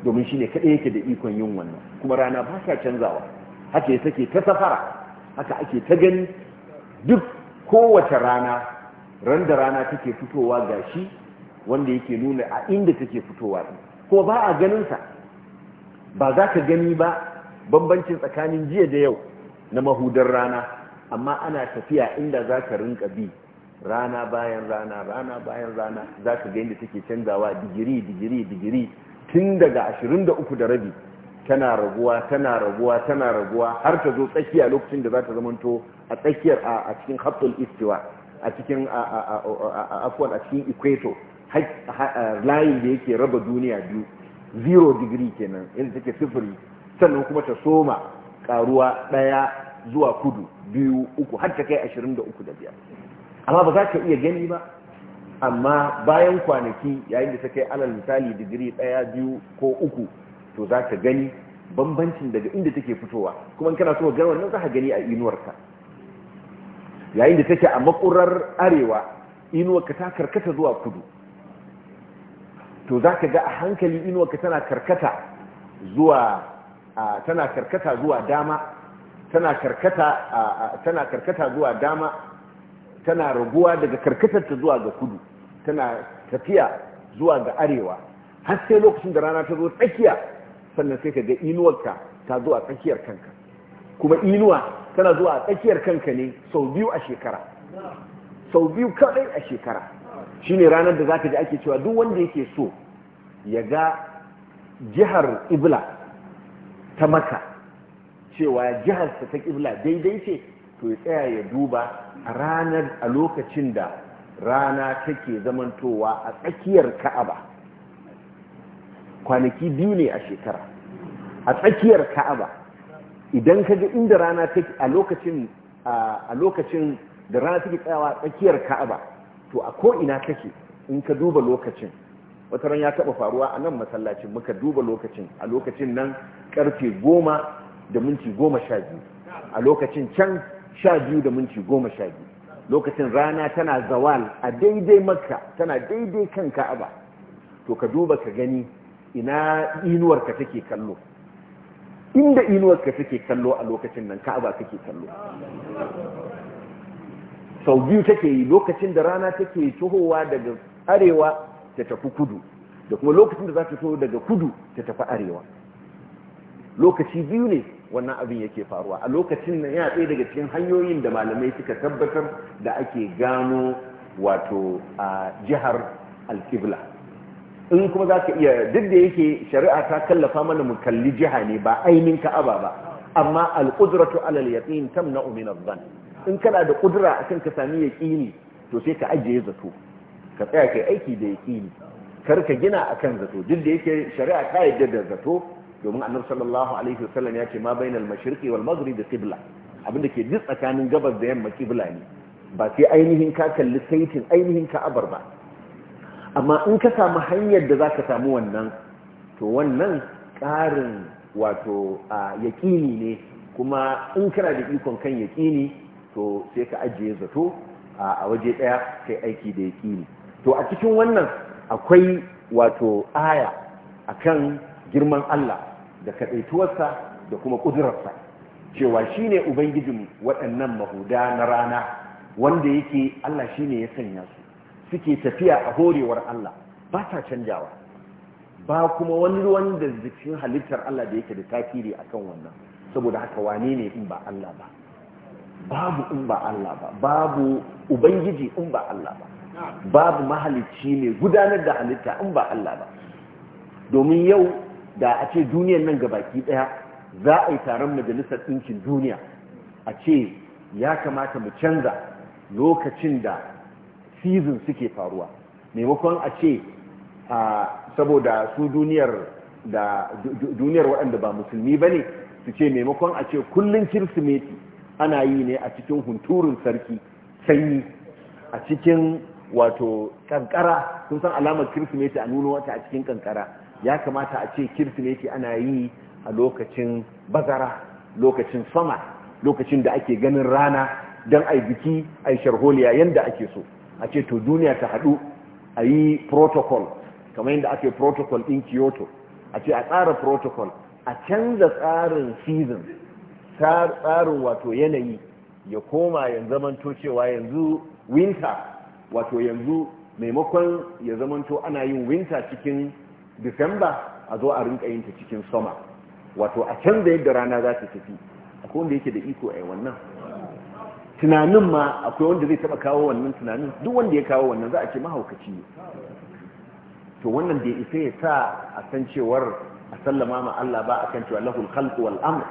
domin shi ne kaɗai yake da ikon yin wannan kuma rana ba sa canzawa haka ya take ta safara haka ake ta gani duk kowace rana ran da rana take fitowa ga shi wanda yake nuna a inda take fitowa kuma ko ba a ganinsa ba za ka gani ba bambancin tsakanin jiya da yau na mahudar rana amma ana tafiya inda za ka rinka bi rana bayan rana rana bayan rana za ka ga inda take canzawa digiri digiri digiri tun daga 23 da rabi tana raguwa tana raguwa tana raguwa har ta zo tsakiya lokacin da za ta zamanto a tsakiyar a cikin haftul istiwa a cikin afwan a cikin ikweto layin da yake raba duniya biyu zero digiri kenan yadda take sifiri sannan kuma ta soma karuwa ɗaya zuwa kudu biyu uku har ta kai ashirin da uku da biyar amma ba za ka iya gani ba amma bayan kwanaki yayin da ta kai alal misali digiri ɗaya biyu ko uku to za ka gani bambancin daga inda take fitowa kuma kana so ga wannan za ka gani a inuwarka yayin da take a makurar arewa inuwarka ta karkata zuwa kudu to za ka ga a hankali inuwarka tana karkata zuwa tana karkata zuwa dama tana karkata tana karkata zuwa dama tana raguwa daga karkatar ta zuwa ga kudu tana tafiya zuwa ga arewa har sai lokacin da rana ta zo tsakiya sannan sai ka ga inuwarka ta zuwa tsakiyar kanka kuma inuwa tana zuwa tsakiyar kanka ne sau biyu a shekara sau biyu kadai a shekara shine ranar da za zaka ji ake cewa duk wanda yake so ya ga jihar ibla ta maka cewa jiharsa ta ƙibla daidai ce to ya tsaya ya duba a ranar a lokacin da rana take zamantowa a tsakiyar ka'aba kwanaki biyu ne a shekara a tsakiyar ka'aba idan ka ga inda rana take a lokacin a lokacin da rana take tsayawa a tsakiyar ka'aba to a ko ina kake in ka duba lokacin wata ran ya taba faruwa a nan masallacin muka duba lokacin a lokacin nan karfe goma da minti goma sha biyu a lokacin can sha biyu da minti goma sha biyu lokacin rana tana zawal a daidai makka tana daidai kan ka'aba to ka duba ka gani ina inuwarka take kallo inda inuwarka take kallo a lokacin nan ka'aba take kallo sau biyu take yi lokacin da rana take tuhowa daga arewa ta tafi kudu da kuma lokacin da za ta so daga kudu ta tafi arewa lokaci biyu ne wannan abin yake faruwa a lokacin nan ya tsaye daga cikin hanyoyin da malamai suka tabbatar da ake gano wato a jihar alkibla in kuma za ka iya duk da yake shari'a ta kallafa mana mu kalli jiha ne ba ainihin ka'aba ba amma alƙudratu alal tam na min adh in kana da kudura akan ka sami yaqini to sai ka ajiye zato ka tsaya kai aiki da yaƙini. kar ka gina akan zato duk da yake shari'a ta yadda da zato domin annabi sallallahu alaihi wasallam ya ce ma bainal mashriqi wal maghribi qibla da ke duk tsakanin gabas da yamma qibla ne ba sai ainihin ka kalli saitin ainihin ka abar ba amma in ka samu hanyar da zaka samu wannan to wannan ƙarin wato a yaƙini ne kuma in kana da ikon kan yaƙini to sai ka ajiye zato a waje ɗaya kai aiki da yaƙini to a cikin wannan akwai wato aya akan girman Allah da kaɗaituwarsa da kuma ƙudurarsa cewa shi ubangijin waɗannan mahuda na rana wanda yake Allah shi ne ya sanya su suke tafiya a horewar Allah ba ta canjawa ba kuma wani wanda zikin halittar Allah da yake da tasiri akan wannan saboda haka wane ne in ba Allah ba babu in ba Allah ba babu ubangiji in ba Allah ba babu mahalicci ne gudanar da halitta in ba Allah ba domin yau da a ce duniyar nan gabaki daya za a yi taron majalisar ɗinkin duniya a ce ya kamata mu canza lokacin da season suke faruwa maimakon a ce saboda su duniyar da duniyar waɗanda ba musulmi bane ne su ce maimakon a ce kullum kirsimeti ana yi ne a cikin hunturun sarki sanyi a cikin wato kankara sun san alamar kirsimeti a nuna wata a cikin kankara ya kamata a ce kirsimeti ana yi a lokacin bazara lokacin sama lokacin da ake ganin rana don a yi biki a sharholiya yadda ake so a ce to duniya ta haɗu a yi protocol kamar yadda ake protocol ɗin kyoto a ce a tsara protocol a canza tsarin season tsarin wato yanayi ya koma yanzu zamanto cewa yanzu winter wato yanzu maimakon ya zamanto ana yin winta cikin disamba a zo a rinka yinta cikin summer wato a canza yadda rana za ta tafi akwai wanda yake da iko a wannan tunanin ma akwai wanda zai taba kawo wannan tunanin duk wanda ya kawo wannan za a ce mahaukaci ne to wannan da isa ya sa a san cewar a sallama ma Allah ba a kan cewa lahul khalqu wal amr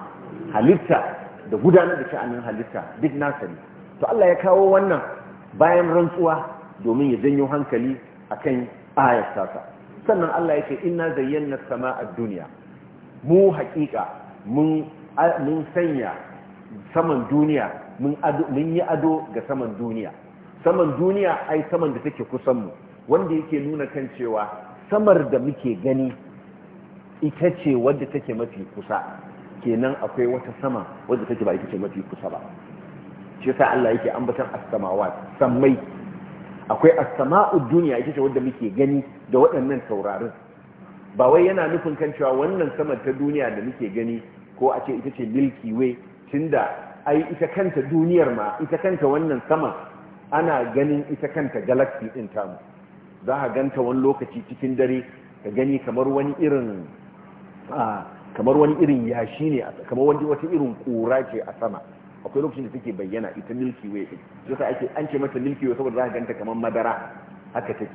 halitta da gudanar da sha'anin halitta duk nasa ne to Allah ya kawo wannan bayan rantsuwa domin ya janyo hankali akan ayar tasa sannan Allah ya yake inna zayyana sama duniya mu haƙiƙa mun sanya saman duniya mun yi ado ga saman duniya saman duniya ai saman da take kusan mu wanda yake nuna kan cewa samar da muke gani ita ce wadda take mafi kusa kenan akwai wata sama wadda take ba ita ce mafi kusa ba shi sa Allah yake ambatan as-samawat sammai akwai as-sama'ud duniya ita ce wanda muke gani da waɗannan taurarin ba wai yana nufin kan cewa wannan saman ta duniya da muke gani ko a ce ita ce milky way tunda ai ita kanta duniyar ma ita kanta wannan saman ana ganin ita kanta galaxy din tamu za a ganta wani lokaci cikin dare ka gani kamar wani irin yashi ne kamar wani irin kura ce a sama akwai lokacin da take bayyana ita milky way din yasa ake an ce mata milky way saboda zaka ganta kamar madara haka take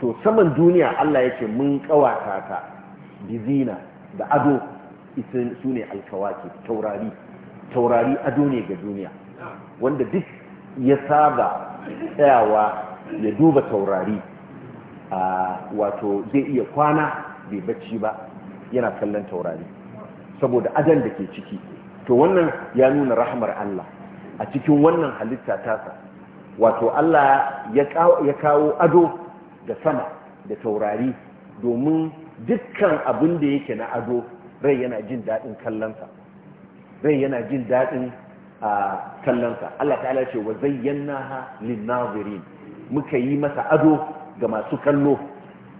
to saman duniya Allah yake mun kawata ta bizina da ado isin sune alkawaki taurari taurari ado ne ga duniya wanda duk ya saba tsayawa ya duba taurari wato zai iya kwana bai bacci ba yana kallon taurari saboda adan da ke ciki to wannan ya nuna rahmar Allah a cikin wannan halitta tasa wato Allah ya kawo ado da sama da taurari domin dukkan abin da yake na ado rai yana jin daɗin kallonsa rai yana jin daɗin a kallonsa Allah ta'ala ce wa zayyana ha linnazirin muka yi masa ado ga masu kallo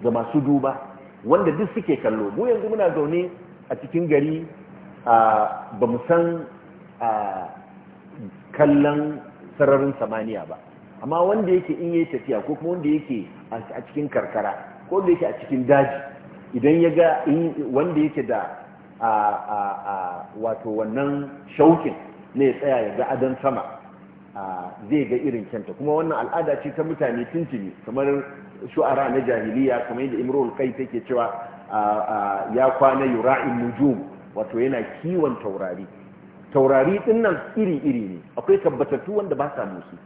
ga masu duba wanda duk suke kallo mu yanzu muna zaune a cikin gari ba mu san kallon sararin samaniya ba amma wanda yake in yi tafiya ko kuma wanda yake a cikin karkara ko da yake a cikin daji idan ya ga wanda yake da wato wannan shaukin ya tsaya ya ga adon sama zai ga irin kyanta kuma wannan al'ada ce ta mutane tuntuni kamar shu'ara na jahiliya kamar yadda imrul kai take cewa ya kwana yura'in nujum wato yana kiwon taurari taurari din nan iri-iri ne akwai tabbatattu wanda ba sa musu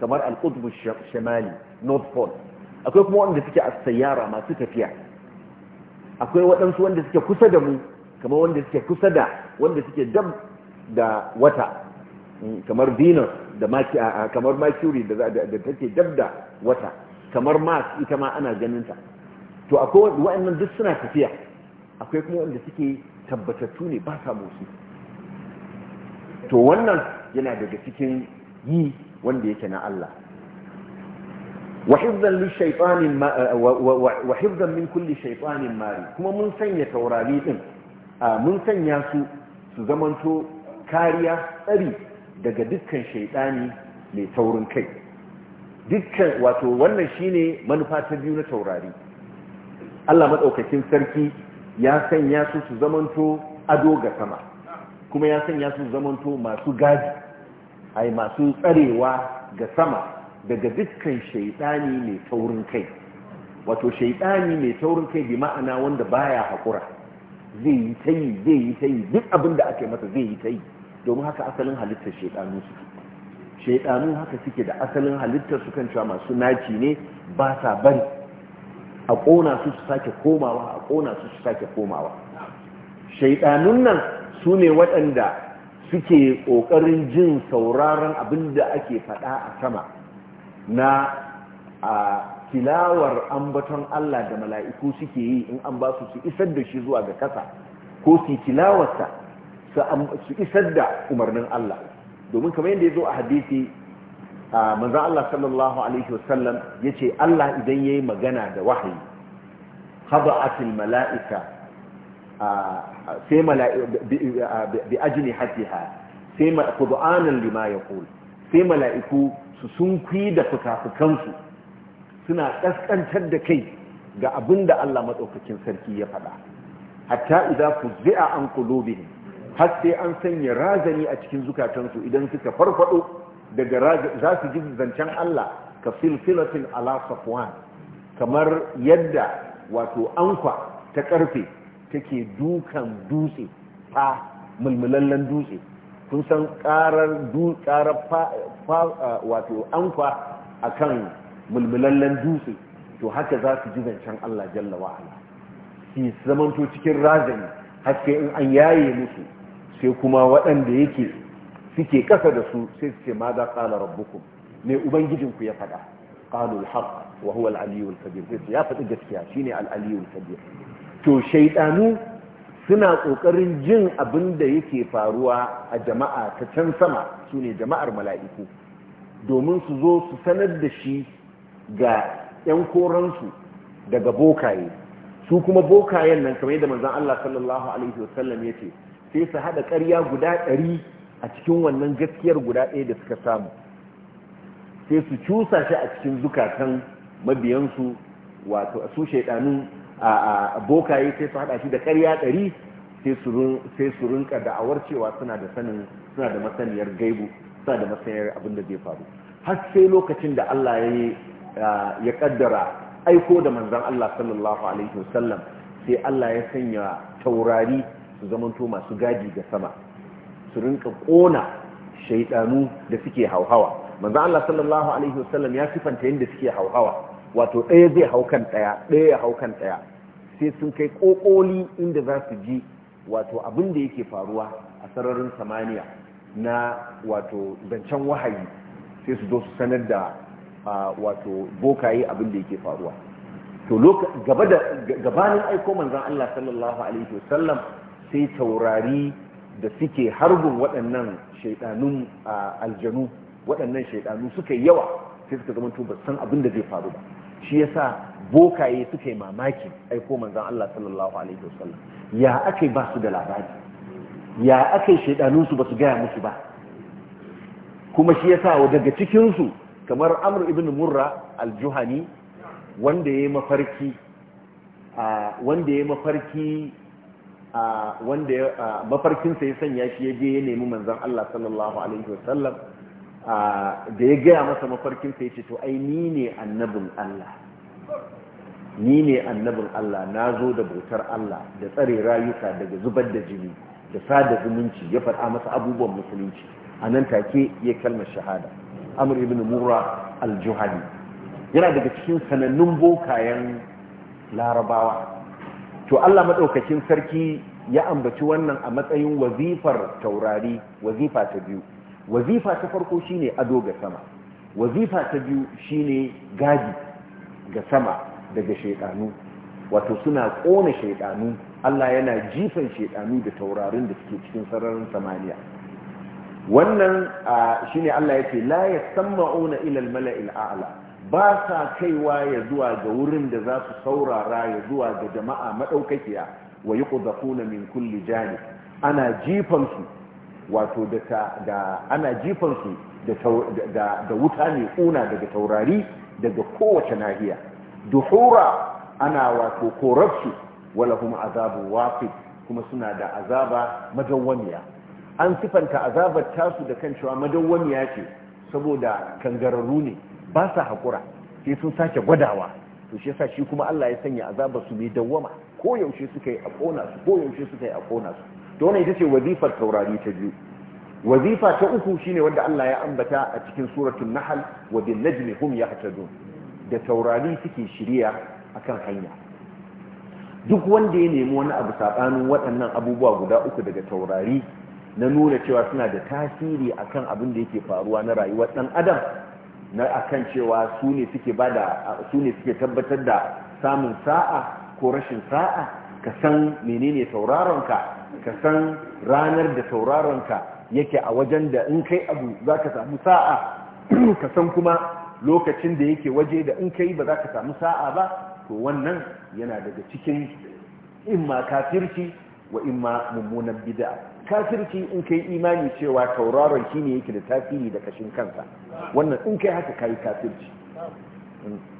kamar al-qutbu shamali north pole akwai kuma wanda suke a sayara masu tafiya akwai waɗansu wanda suke kusa da mu kamar wanda suke kusa da wanda suke dab da wata mm, kamar venus da kamar mercury da take dab da wata kamar mars ita ma ana ganinta to akwai waɗannan duk suna tafiya akwai kuma wanda suke tabbatattu ne ba sa motsi to wannan yana daga cikin yi wanda yake na Allah wa hifzan li shaytanin eh, wa min kulli shaytanin mari kuma mun sanya taurari din mun sanya su su zamanto kariya tsari daga dukkan shaytani mai taurin kai dukkan wato wannan shine manufa ta biyu na taurari Allah madaukakin sarki ya sanya su su zamanto ado ga sama kuma ya sanya su zamanto masu gadi ai masu tsarewa ga sama daga dukkan shaidani mai taurin kai wato shaidani mai taurin kai bi ma'ana wanda baya haƙura zai yi ta yi zai yi ta yi duk abin da ake masa zai yi ta yi domin haka asalin halittar shaidanu suke shaidanu haka suke da asalin halittar su kan cewa masu naci ne ba sa bari a ƙona su su sake komawa a ƙona su su sake komawa shaidanun nan su ne waɗanda suke ƙoƙarin jin sauraron abin da ake faɗa a sama na a tilawar ambaton Allah da mala'iku suke yi in an ba su su isar da shi zuwa ga ƙasa ko su tilawarsa su isar da umarnin Allah domin kamar yadda ya zo a hadisi manzan Allah sallallahu Alaihi wasallam ya ce Allah idan ya yi magana da wahayi haba'atul mala'ika sai bi ajini hatiha sai kudu'anin lima ya sai mala'iku su sun kwi da fikafikansu suna ƙasƙantar da kai ga abin da Allah maɗaukakin sarki ya faɗa hatta idan ku zai an kulobin har sai an sanya razani a cikin zukatansu idan suka farfaɗo daga za su ji zancen Allah ka filfilatin ala safwan kamar yadda wato ankwa ta karfe take dukan dutse fa mulmulallen dutse kun san karar du karar fa wato anfa akan mulmulallen dutse to haka za su ji zancen Allah jalla ala su zamanto cikin razani haske in an yaye musu sai kuma waɗanda yake suke kasa da su sai su ce ma za qala rabbukum me ubangijinku ya faɗa qalu alhaq wa huwa al-aliyyu kabir sai ya faɗi gaskiya shine al-aliyyu al-kabir to shaytanu suna kokarin jin abin da yake faruwa a jama'a ta can sama sune jama'ar mala'iku domin su zo su sanar da shi ga 'yan koransu daga bokaye su kuma bokayen nan kamar yadda manzon Allah sallallahu alaihi wasallam yace sai su hada ƙarya guda ɗari a cikin wannan gaskiyar guda ɗaya da suka samu sai su cusa shi a cikin zukatan mabiyansu wato su shaidanun a bokaye sai su haɗa shi da ƙarya ɗari sai su rinka da'awar cewa suna da sanin suna da masaniyar gaibu suna da masaniyar abin da zai faru har sai lokacin da Allah ya kaddara aiko da manzan Allah sallallahu alaihi wasallam sai Allah ya sanya taurari su zamanto masu gadi ga sama su rinka kona shaidanu da suke hauhawa manzo Allah sallallahu alaihi wasallam ya sifanta yanda suke hauhawa wato ɗaya zai hau kan ɗaya ɗaya ya hau kan ɗaya sai sun kai kokoli inda za su ji wato abin da yake faruwa a sararin samaniya na wato zancen wahayi sai su zo su sanar da wato bokaye abin da yake faruwa to gaba da gabanin aiko manzon Allah sallallahu alaihi wasallam sai taurari da suke harbin waɗannan shaidanun aljanu waɗannan shaiɗanu suka yi yawa sai suka zama tuba san abin da zai faru ba shi ya sa bokaye suka yi mamaki aiko manzan Allah sallallahu alaihi wasallam ya yi ba su da labari ya akai shaidanun su ba su gaya musu ba kuma shi ya sa daga cikinsu kamar amur ibn Murra Aljuhani wanda ya mafarki yayi mafarki wanda ya mafarkinsa ya sanya shi ya je ya nemi manzon Allah sallallahu alaihi wasallam da ya gaya masa mafarkinsa ya ce to ai ni ne annabin Allah ni ne annabin Allah na zo da bautar Allah da tsare rayuka daga zubar da jini da sada zumunci ya faɗa masa abubuwan musulunci a nan take ya kalmar shahada amur ibn mura al-juhani yana daga cikin sanannun bokayen larabawa to Allah madaukakin sarki ya ambaci wannan a matsayin wazifar taurari wazifa ta biyu wazifa ta farko shine ado ga sama wazifa ta biyu shine gadi ga sama daga shedanu wato suna kona shedanu Allah yana jifan shedanu da taurarin da suke cikin sararin samaniya wannan shine Allah yake la ya ila al-mala'il a'la ba sa kaiwa ya zuwa ga wurin da za su saurara ya zuwa ga jama'a maɗaukakiya wa yi ƙudakuna min kulli jani ana jifansu wato da ana jifansu da wuta mai ƙuna daga taurari daga kowace nahiya duhura ana wato korarsu wala kuma azabu wafi kuma suna da azaba madawwamiya an sifanta azabar tasu da kan cewa madawwamiya ce saboda kangararru ne ba sa haƙura sai sun sake gwadawa to shi yasa shi kuma Allah ya sanya azabar su mai dawwama ko yaushe suka yi a kona su ko yaushe suka yi a kona su to wannan ita ce wazifar taurari ta biyu wazifa ta uku shine wanda Allah ya ambata a cikin suratul nahl wa bin najmi hum yahtadun da taurari suke shirya akan hanya duk wanda ya nemi wani abu sabanin waɗannan abubuwa guda uku daga taurari na nuna cewa suna da tasiri akan abin da yake faruwa na rayuwar dan adam na akan cewa su ne suke bada su suke tabbatar da samun sa'a ko rashin sa'a ka san menene sauraronka ka san ranar da sauraronka yake a wajen da in kai abu za ka samu sa'a ka san kuma lokacin da yake waje da in kai ba za ka samu sa'a ba to wannan yana daga cikin imma kafirci wa imma mummunan bid'a kafirci in kai imani cewa tauraron shi ne yake da tasiri da kashin kansa wannan in kai haka kai kafirci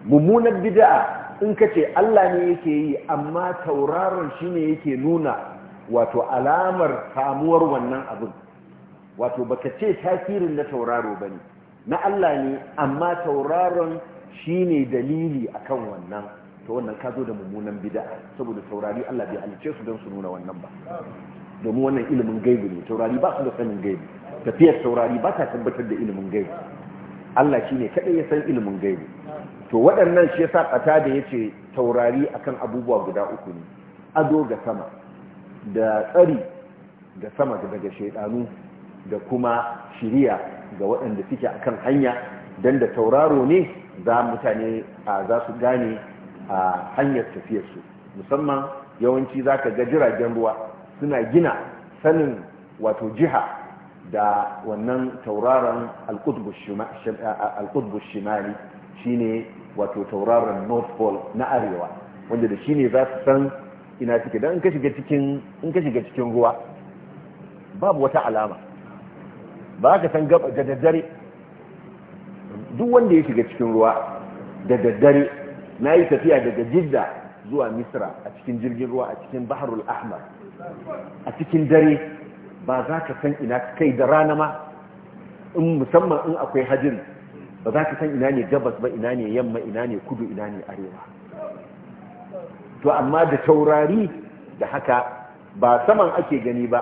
mummunar bid'a in ka ce Allah ne yake yi amma tauraron shi ne yake nuna wato alamar samuwar wannan abin wato baka ce tasirin na tauraro bane na Allah ne amma tauraron shi ne dalili akan wannan to wannan ka zo da mummunan bid'a saboda taurari Allah bai halice su don su nuna wannan ba domin wannan ilimin gaibi ne taurari ba su da sanin gaibi tafiyar taurari ba ta tabbatar da ilimin gaibi Allah shi ne kaɗai ya san ilimin gaibi to waɗannan shi ya sa ƙata da yace taurari a kan abubuwa guda uku ne ado ga sama da tsari ga sama daga shaiɗanu da kuma shirya ga waɗanda suke akan hanya don da tauraro ne za mutane za su gane a hanyar tafiyarsu musamman yawanci za ka ga jiragen ruwa suna gina sanin wato jiha da wannan tauraron alkutbus shimali shine wato tauraron north pole na arewa wanda da shine za su san ina suke don in ka shiga cikin ruwa babu wata alama ba ka san gaba da daddare duk wanda ya shiga cikin ruwa da daddare na yi tafiya daga jidda zuwa misra a cikin jirgin ruwa a cikin baharul ahmar a cikin dare ba za ka san ina kai da rana ma musamman in akwai hajjin ba za ka san ina ne gabas ba ina ne yamma ina ne kudu ina ne arewa to amma da taurari da haka ba saman ake gani ba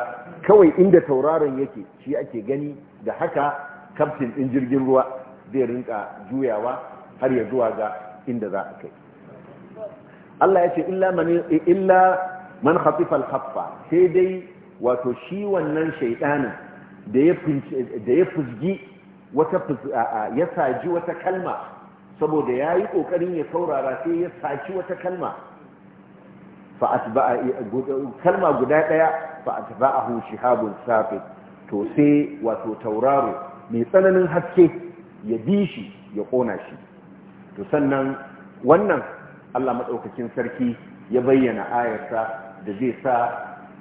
kawai inda tauraron yake shi ake gani da haka kaftin ɗin jirgin ruwa zai rinka juyawa har ya zuwa ga inda za a kai Allah ya ce illa man khatifa khaffa sai dai wato shi wannan shaydanin da ya da ya fuzgi wata ya saji wata kalma saboda yayi kokarin ya saurara sai ya saci wata kalma fa atba'a kalma guda daya fa atba'ahu shihabun to sai wato tauraro mai tsananin haske ya bi shi ya kona shi to sannan wannan Allah madaukakin sarki ya bayyana ayarsa da zai sa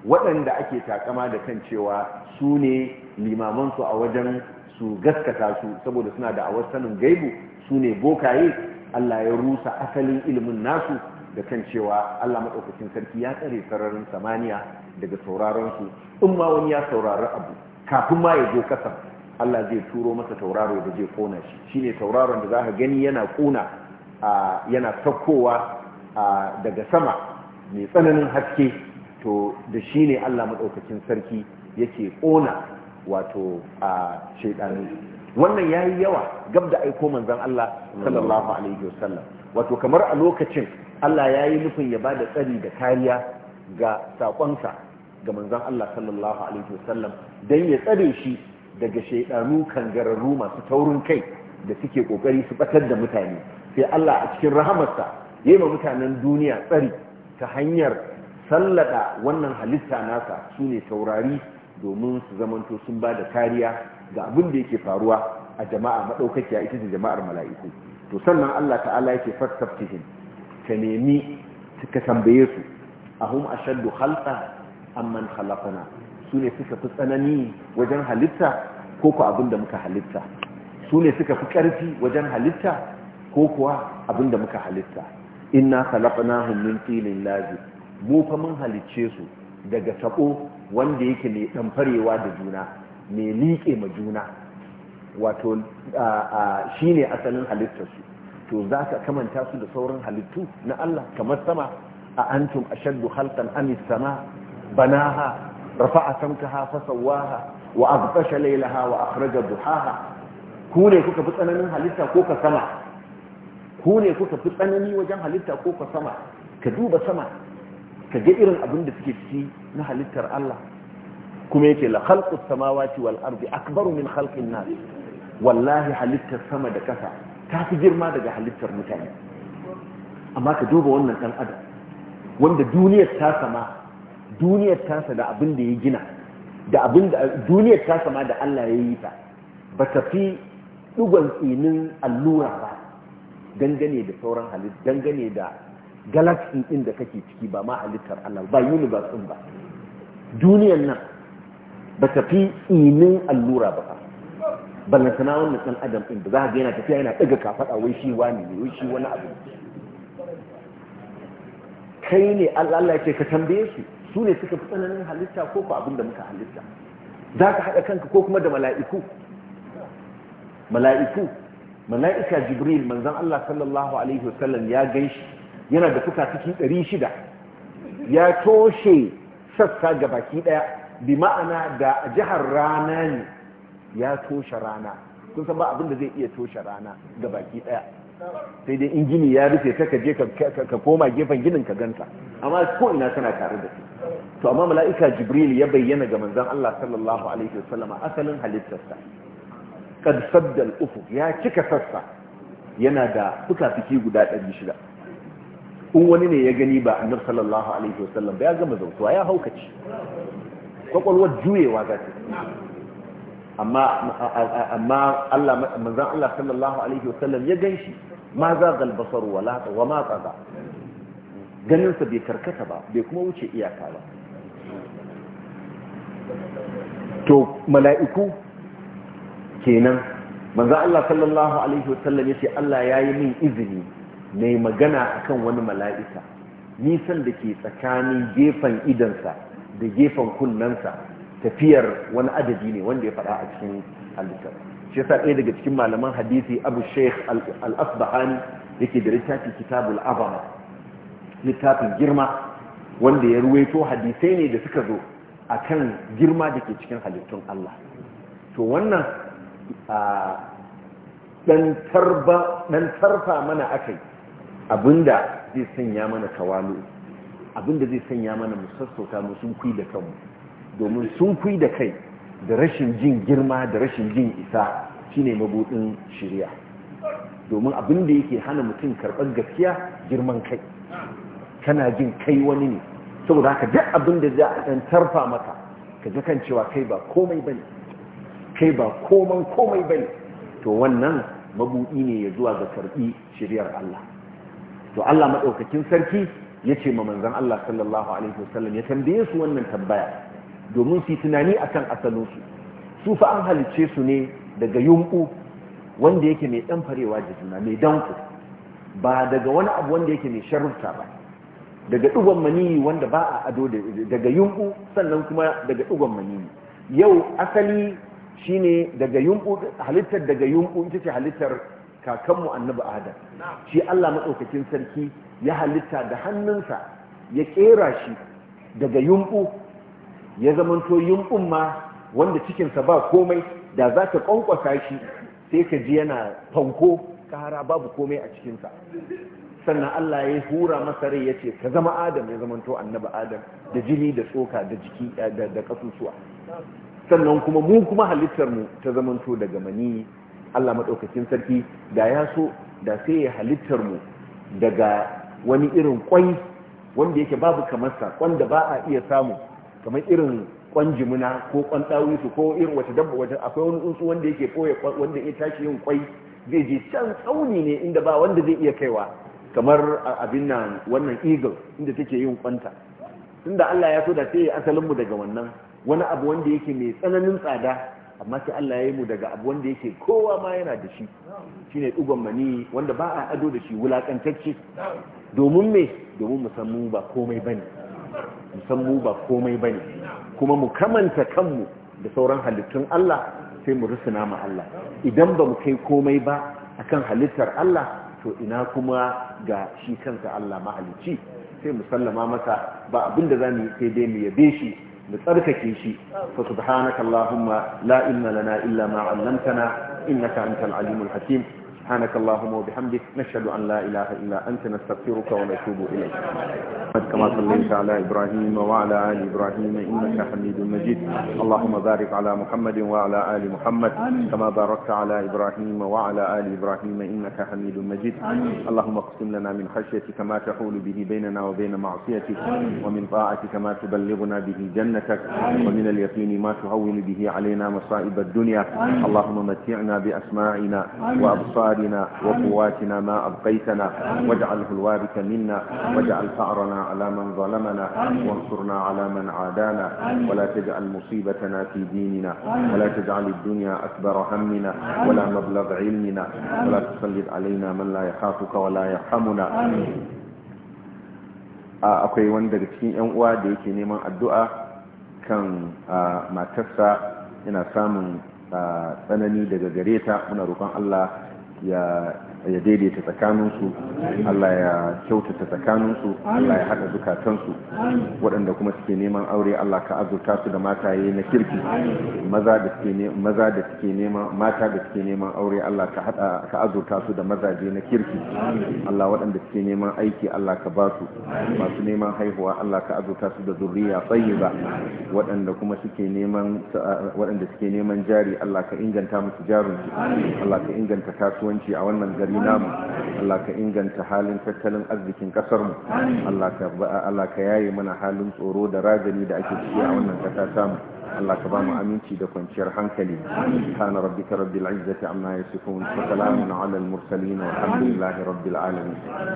waɗanda ake takama da kan cewa su ne limamansu a wajen su gaskata su saboda suna da awar sanin gaibu su ne bokaye Allah ya rusa asalin ilimin nasu da kan cewa Allah maɗaukacin sarki ya tsare sararin samaniya daga sauraronsu in ma wani ya saurari abu kafin ma ya zo kasa Allah zai turo masa tauraro da zai kona shi shine tauraron da za ka gani yana kona yana saukowa daga sama mai tsananin haske to da shi ne Allah maɗaukacin sarki yake ƙona wato a shaidanu wannan ya yi yawa gab da aiko manzan Allah sallallahu alaihi wasallam wato kamar a lokacin Allah ya yi nufin ya ba da tsari da kariya ga saƙonsa ga manzan Allah sallallahu alaihi wasallam don ya tsare shi daga kan kangararru masu taurin kai da suke ƙoƙari su ɓatar da mutane sai Allah a cikin rahamarsa ya yi ma mutanen duniya tsari ta hanyar sallada wannan halitta nasa su ne taurari domin su zamanto sun ba da kariya ga abin da yake faruwa a jama'a a ita ce jama'ar mala'iku to sannan Allah ta'ala yake fastaftihim ka nemi ka tambaye su a ahum ashaddu khalqa amman khalaqana su ne suka fi tsanani wajen halitta ko ko abin da muka halitta su ne suka fi ƙarfi wajen halitta ko kuwa abin da muka halitta inna khalaqnahum min hunmin filin mu fa mun halicce su daga tabo wanda yake mai farewa da juna mai liƙe ma juna wato shine asalin halittar su to zaka kamanta su da sauran halittu na Allah kamar sama a antum ashaddu khalqan am sama banaha rafa'a samkaha fasawaha wa aghtasha laylaha wa akhraja duhaha ku ne kuka fi tsananin halitta ko ka sama ku ne kuka fi tsanani wajen halitta ko ka sama ka duba sama ka ga irin abin da suke ciki na halittar Allah kuma yake la khalqus samawati wal ardi akbaru min khalqin nas wallahi halittar sama da kasa ta fi girma daga halittar mutane amma ka duba wannan dan adam wanda duniyar ta sama duniyar ta da abin da ya gina da abin da duniyar ta sama da Allah ya yi ta ba ta fi dugon tsinin allura ba dangane da sauran halitta dangane da galaxy din da kake ciki ba ma halittar Allah ba universe din ba duniyar nan ba ta fi inin allura ba na sana wannan san adam din da za ka ga yana tafiya yana daga kafaɗa wai shi wani ne wai shi wani abu kai ne Allah ya ce ka tambaye su su ne suka fi tsananin halitta ko ko abin da muka halitta za ka haɗa kanka ko kuma da mala'iku mala'iku mala'ika jibril manzon Allah sallallahu alaihi wasallam ya ganshi yana da fuka ɗari 600 ya toshe sassa ga baki daya bi ma'ana da jihar rana ne ya toshe rana kun san ba abin da zai iya toshe rana ga baki daya sai dai injini ya rufe ta je ka koma gefen ginin ka ganta amma ko ina tana tare da su to amma mala'ika jibril ya bayyana ga manzon Allah sallallahu alaihi wasallam asalin halittarsa kad saddal ufu ya cika sassa yana da fuka fiki guda 600 in wani ne ya gani ba annabi sallallahu alaihi wasallam ba ya gama zautuwa ya haukaci kwakwalwar juyewa za ta amma Allah manzan Allah sallallahu alaihi wasallam ya ganshi ma za galbasar wala wa ma tsaga ganinsa bai karkata ba bai kuma wuce iyaka ba to mala'iku kenan manzo Allah sallallahu alaihi wasallam yace Allah yi min izini ne magana akan wani mala'ika nisan da ke tsakanin gefen idansa da gefen kunnensa tafiyar wani adadi ne wanda ya faɗa a cikin halittar shi yasa ɗaya daga cikin malaman hadisi abu sheikh al-asbahani yake da littafi kitabul azama littafin girma wanda ya ruwaito hadisai ne da suka zo akan girma da ke cikin halittun Allah to wannan ɗan tarfa mana akai abinda zai sanya mana kawalo abinda zai sanya mana musassauta mu sun kui da kanmu domin sun kui da kai da rashin jin girma da rashin jin isa shine mabudin shirya domin abinda yake hana mutum karɓar gaskiya girman kai kana jin kai wani ne saboda haka duk abinda za a ɗan tarfa maka ka kan cewa kai ba komai bane kai ba koman komai bai to wannan mabuɗi ne ya zuwa ga karɓi shiriyar Allah to Allah maɗaukakin sarki ya ce ma manzan Allah sallallahu alaihi wasallam ya tambaye su wannan tambaya domin su tunani akan asalinsu su fa an halicce su ne daga yunku wanda yake mai dan farewa da juna mai danko ba daga wani abu wanda yake mai sharrunta ba daga dugon maniyi wanda ba a ado daga yunku sannan kuma daga dugon maniyi yau asali shine daga yumbu halittar daga yumbu ita ce halittar kakanmu annabi adam shi Allah matsokacin sarki ya halitta da hannunsa ya kera shi daga yumbu ya zamanto yumbun ma wanda cikinsa ba komai da za ka kwankwasa shi sai ka ji yana fanko hara babu komai a cikinsa sannan Allah ya hura masa rai ya ce ka zama adam ya zamanto annabi adam da jini da tsoka da jiki da kasusuwa sannan kuma mu kuma halittar mu ta zamanto daga mani Allah madaukakin sarki da ya so da sai ya halittar mu daga wani irin kwai wanda yake babu kamar sa wanda ba a iya samu kamar irin kwan jimuna ko kwan dawisu ko irin wata dabba wata akwai wani tsuntsu wanda yake koya wanda ya tashi yin kwai zai je can tsauni ne inda ba wanda zai iya kaiwa kamar abin nan wannan eagle inda take yin kwanta tunda Allah ya so da sai asalin mu daga wannan wani abu wanda yake mai tsananin tsada amma sai Allah ya yi mu daga abu wanda yake kowa ma yana da shi shine dugon mani wanda ba a ado da shi wulakantacce domin me domin mu ba komai bane mu san ba komai ba ne. kuma mu kamanta kanmu da sauran halittun Allah sai mu rusuna ma Allah idan ba mu kai komai ba a kan halittar Allah to ina kuma ga shi kansa Allah mahalicci sai mu sallama masa ba abinda mu yi sai dai mu yabe shi da tsarkake shi fa subhanaka allahumma la ilma lana illa ma 'allamtana innaka antal alimul hakim سبحانك اللهم وبحمدك نشهد أن لا إله إلا أنت نستغفرك ونتوب إليك كما صليت على إبراهيم وعلى آل إبراهيم إنك حميد مجيد اللهم بارك على محمد وعلى آل محمد كما باركت على إبراهيم وعلى آل إبراهيم إنك حميد مجيد اللهم اقسم لنا من خشيتك ما تحول به بيننا وبين معصيتك ومن طاعتك ما تبلغنا به جنتك ومن اليقين ما تهون به علينا مصائب الدنيا اللهم متعنا بأسماعنا وأبصارنا أبصارنا وقواتنا ما أبقيتنا واجعله الوارث منا واجعل ثأرنا على من ظلمنا وانصرنا على من عادانا ولا تجعل مصيبتنا في ديننا ولا تجعل الدنيا أكبر همنا ولا مبلغ علمنا ولا تسلط علينا من لا يخافك ولا يرحمنا akwai wani daga cikin 'yan uwa da yake neman addu'a kan matarsa yana samun tsanani daga gare ta muna roƙon Allah ya ya daidaita tsakaninsu Allah ya kyautata tsakaninsu Allah ya haɗa zukatansu waɗanda kuma suke neman aure Allah ka azurta su da mataye na kirki maza da suke neman mata da suke neman aure Allah ka haɗa ka azurta su da mazaje na kirki Allah waɗanda suke neman aiki Allah ka ba su masu neman haihuwa Allah ka azurta su da zurriya tayyiba waɗanda kuma suke neman waɗanda suke neman jari Allah ka inganta musu jarinsu Allah ka inganta kasuwanci a wannan gari ina mu Allah ka inganta halin tattalin arzikin kasar mu Allah ka Allah ka yaye mana halin tsoro da ragani da ake ciki a wannan kasa tamu Allah ka ba mu aminci da kwanciyar hankali subhana rabbika rabbil izzati amma yasifun wa salamun ala al mursalin walhamdulillahi rabbil alamin